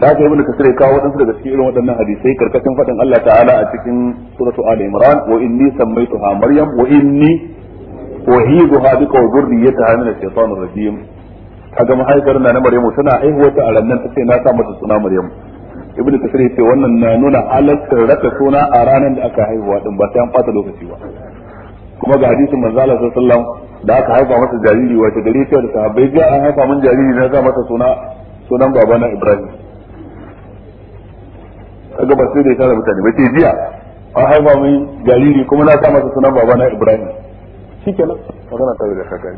da haka ibnu kasir ya kawo wadansu daga cikin irin waɗannan hadisai karkashin faɗin Allah ta'ala a cikin suratu ali imran wa inni sammaytuha maryam wa inni uhiduha bika wa dhurriyyataha min ash-shaytanir rajim kaga mahaifar na maryam tana aihuwa ta a ta ce na sa mata suna maryam ibnu kasir ce wannan na nuna halaccin raka suna a ranar da aka haihuwa din ba sai an fata lokaci ba kuma ga hadisin manzo Allah sallallahu alaihi wasallam da aka haifa masa jariri wace gari ta da sahabbai ga an haifa min jariri na za masa suna sunan babana Ibrahim kaga ba sai da ya tara mutane ba sai jiya an haifa mai jariri kuma na sa masa sunan babana Ibrahim shikenan magana ta da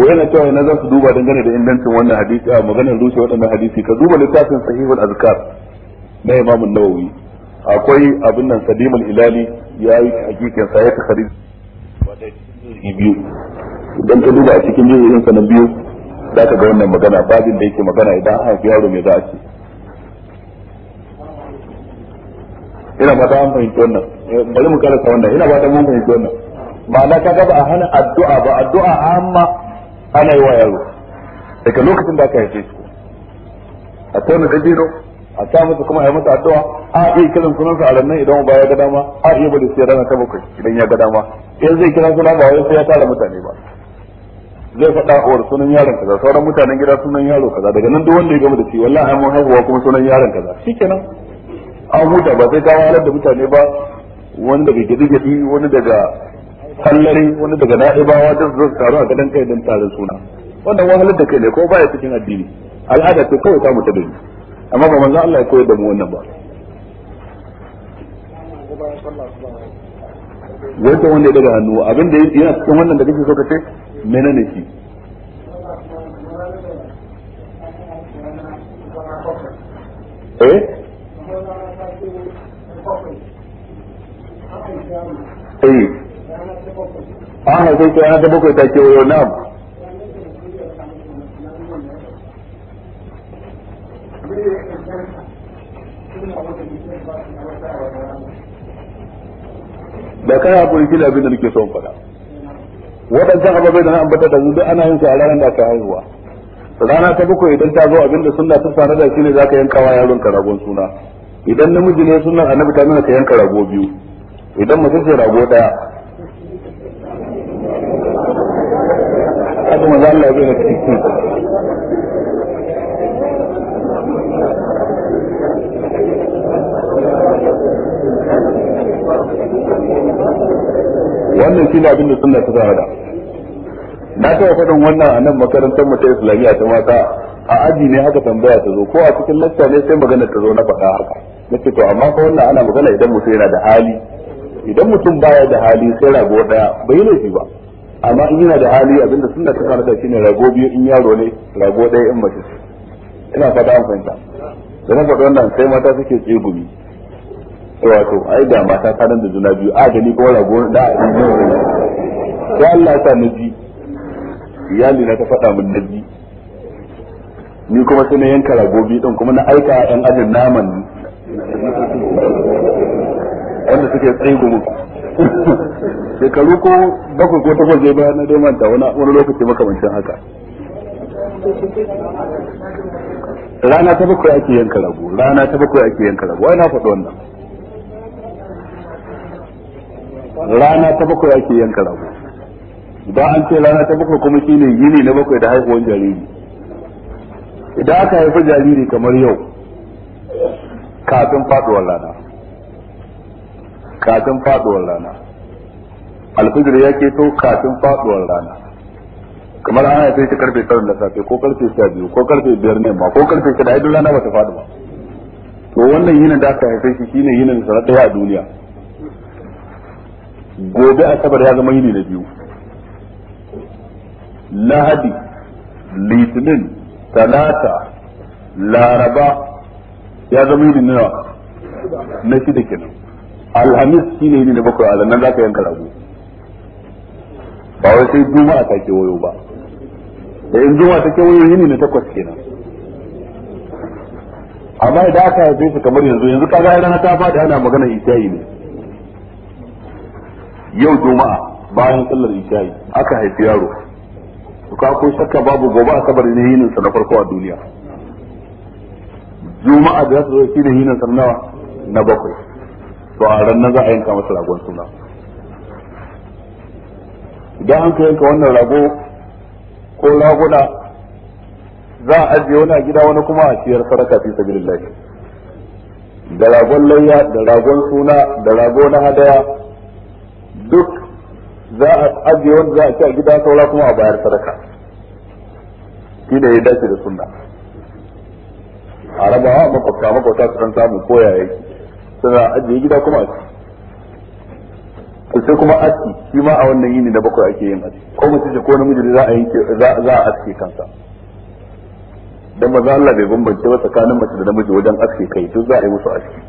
wai na cewa na za su duba dangane da ingancin wannan hadisi a maganar rushe waɗannan hadisi ka duba littafin sahihul azkar na imam an-nawawi akwai abin nan sadim al-ilali yayi hakikin sa ya takhari biyu idan ka duba a cikin jirgin sa na biyu za ka ga wannan magana babin da yake magana idan an haifi yaro mai za a ce ina ba ta an fahimci wannan eh, bari mu karasa wannan ina ba ta mun fahimci wannan ma'ana ka ga ba a hana addu'a ba addu'a amma ana yi wa yaro daga lokacin da aka haife su a tona dabino a sa masa kuma a masa addu'a a iya kiran sunansa a ranar idan ba ya ga dama a iya bari sai rana ta bakwai idan ya ga dama yanzu zai kira sunan ba wai sai ya tara mutane ba zai faɗa uwar sunan yaron kaza sauran mutanen gida sunan yaro kaza daga nan duk wanda ya gama da shi wallahi mun haihuwa kuma sunan yaron kaza shikenan an huta ba sai ka halar da mutane ba wani daga gidi-gidi wani daga kallari wani daga na'ibawa duk zai taru a gadon kai don tarin suna wannan wahalar da kai ne ko baya cikin addini al'ada ce kawai ta mutu da ni amma ba manzo Allah ya koyar da mu wannan ba
wanda wanda ya daga
hannu abin da yana cikin wannan da kake so ka ce ne shi
eh eh
na ta ta bakwai ta ke wayo oh, da kai haƙuri abin da nake son faɗa waɗancan ababai da na ambata da yanzu ana yin su a ranar da aka haihuwa rana ta bakwai idan ta zo abinda sunna ta fara da shi ne zaka yanka wa yaron ka ragon suna idan namiji ne sunan annabi ta nuna ka yanka rago biyu idan mace ce rago daya haka manzo Allah na cikin wannan shi ne abin da suna ta da. na taɓa faɗin wannan a nan makarantar mu ta islamiyya ta mata a aji ne haka tambaya ta zo ko a cikin lacca ne sai magana ta zo na faɗa haka nace to amma fa wannan ana magana idan mutum yana da hali idan mutum baya da hali sai rago daya bai laifi ba amma in yana da hali abinda sunna ta karanta shine rago biyu in yaro ne rago daya in mace ina faɗa an fahimta da na faɗi wannan sai mata suke tsegumi wato ai da mata ta da juna biyu a gani ko rago da a yi sai Allah ta nabi iyali na ta faɗa min bi ni kuma sai na yanka ragobi din kuma na aika yan ajin naman wanda suke tsayi gumu shekaru ko bakwai ko takwas zai bayan na dai manta wani lokaci makamancin haka rana ta bakwai ake yanka rago rana ta bakwai ake yanka rago wani na faɗi wannan rana ta bakwai ake yanka rago ba an ce rana ta bakwai kuma shine yini na bakwai da haihuwar jariri idan aka haifi jariri kamar yau kafin faduwar rana kafin faduwar rana alfijir ya ke to kafin faduwar rana kamar an haife shi karfe tsarin da safe ko karfe sha biyu ko karfe biyar ne ma ko karfe shida idan rana bata faɗi ba to wannan yinin da aka haifi shi shine yinin da sanar daya a duniya gobe asabar ya zama yini na biyu lahadi litinin talata laraba ya zama yi nuna na shida kenan alhamis shi ne yi da bakwai a za ka yanka rago ba wai sai juma'a ta ke wayo ba da in juma'a ta ke wayo yini na takwas kenan amma idan aka haife su kamar yanzu yanzu kaga rana ta faɗi ana magana isha'i ne yau juma'a bayan sallar isha'i aka haifi yaro ka ko shakka babu gobe asabar kabarin hinin sa na farko a duniya juma'a da zai zo shi da hinin sa nawa na bakwai to a ran nan za a yanka masa ragon suna idan an ka yanka wannan rago ko raguna za a ajiye wani a gida wani kuma a ciyar sadaka fi sabilillahi da ragon layya da ragon suna da rago na hadaya duk za a ajiye wanda za a ci a gida saura kuma a bayar sadaka shi da ya dace da sunna a rabawa makwabta makwabta su kan samu ko yaya suna ajiye gida kuma a ci sai kuma a ci. shi ma a wannan yini na bakwai ake yin aski ko mace ko namiji za a yanke za a aske kansa dan maza Allah bai bambance ba tsakanin mace da namiji wajen aske kai duk za a yi musu aski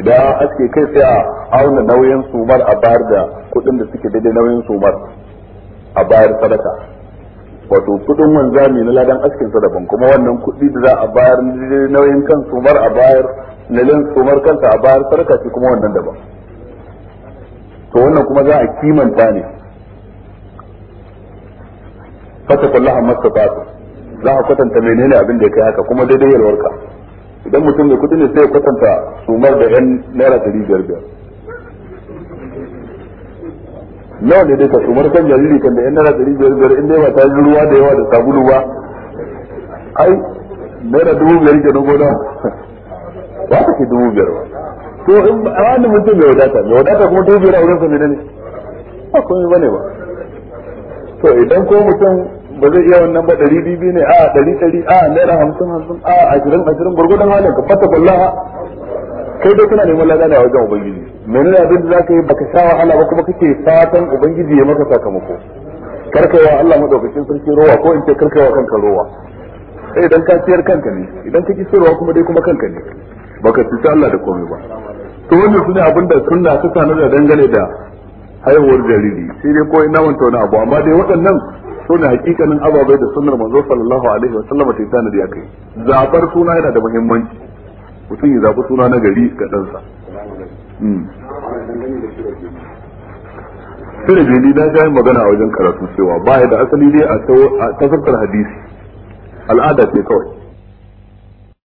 idan ake kai sai a auna nauyin sumar a bayar da kuɗin da suke daidai nauyin sumar a bayar sadaka wato kuɗin wanzami na ladan askin sa daban kuma wannan kuɗi da za a bayar nauyin kan sumar a bayar nalin sumar kansa a bayar sadaka ce kuma wannan daban to wannan kuma za a kimanta ne fata kullaha mastata za a kwatanta menene abin da ya kai haka kuma daidai yalwarka idan mutum mai kudi ne sai ya kwatanta sumar da yan naira ɗari biyar biyar nawa ne dai ka sumar kan jariri kan da yan naira ɗari biyar biyar inda yawa ba ta yi ruwa da yawa da sabulu ba ai naira dubu biyar ke dubu na ba ta ke dubu biyar ba to in ba wani mutum mai wadata mai wadata kuma dubu biyar a wurin sa ne ne ba komai bane ba to idan ko mutum ba zai iya wannan ba ɗari bibi ne a ɗari ɗari a naira hamsin hamsin a ashirin ashirin gurgudan halin ka fata kullaha kai dai kuna neman lada ne a wajen ubangiji menene abin da ka yi baka sha wahala ba kuma kake fatan ubangiji ya maka sakamako karkawa Allah madaukakin sarki rowa ko in ce karkawa kanka rowa sai eh, idan ka ciyar kanka ne idan ka ki sirwa kuma dai kuma kanka ne baka cuta Allah da komai ba to wannan ne abin da sunna ta sanar da dangane da haihuwar jariri sai dai ko ina wanta wani abu amma dai waɗannan sune hakikanin ababai da sunnar manzo sallallahu alaihi wa sallam ta tanadi yake zabar suna yana da muhimmanci mutum ya zabi suna na gari ga ɗansa hmm. sai da jini na ga magana a wajen karatu cewa baya da asali dai a tafsirar hadisi al'ada ce kawai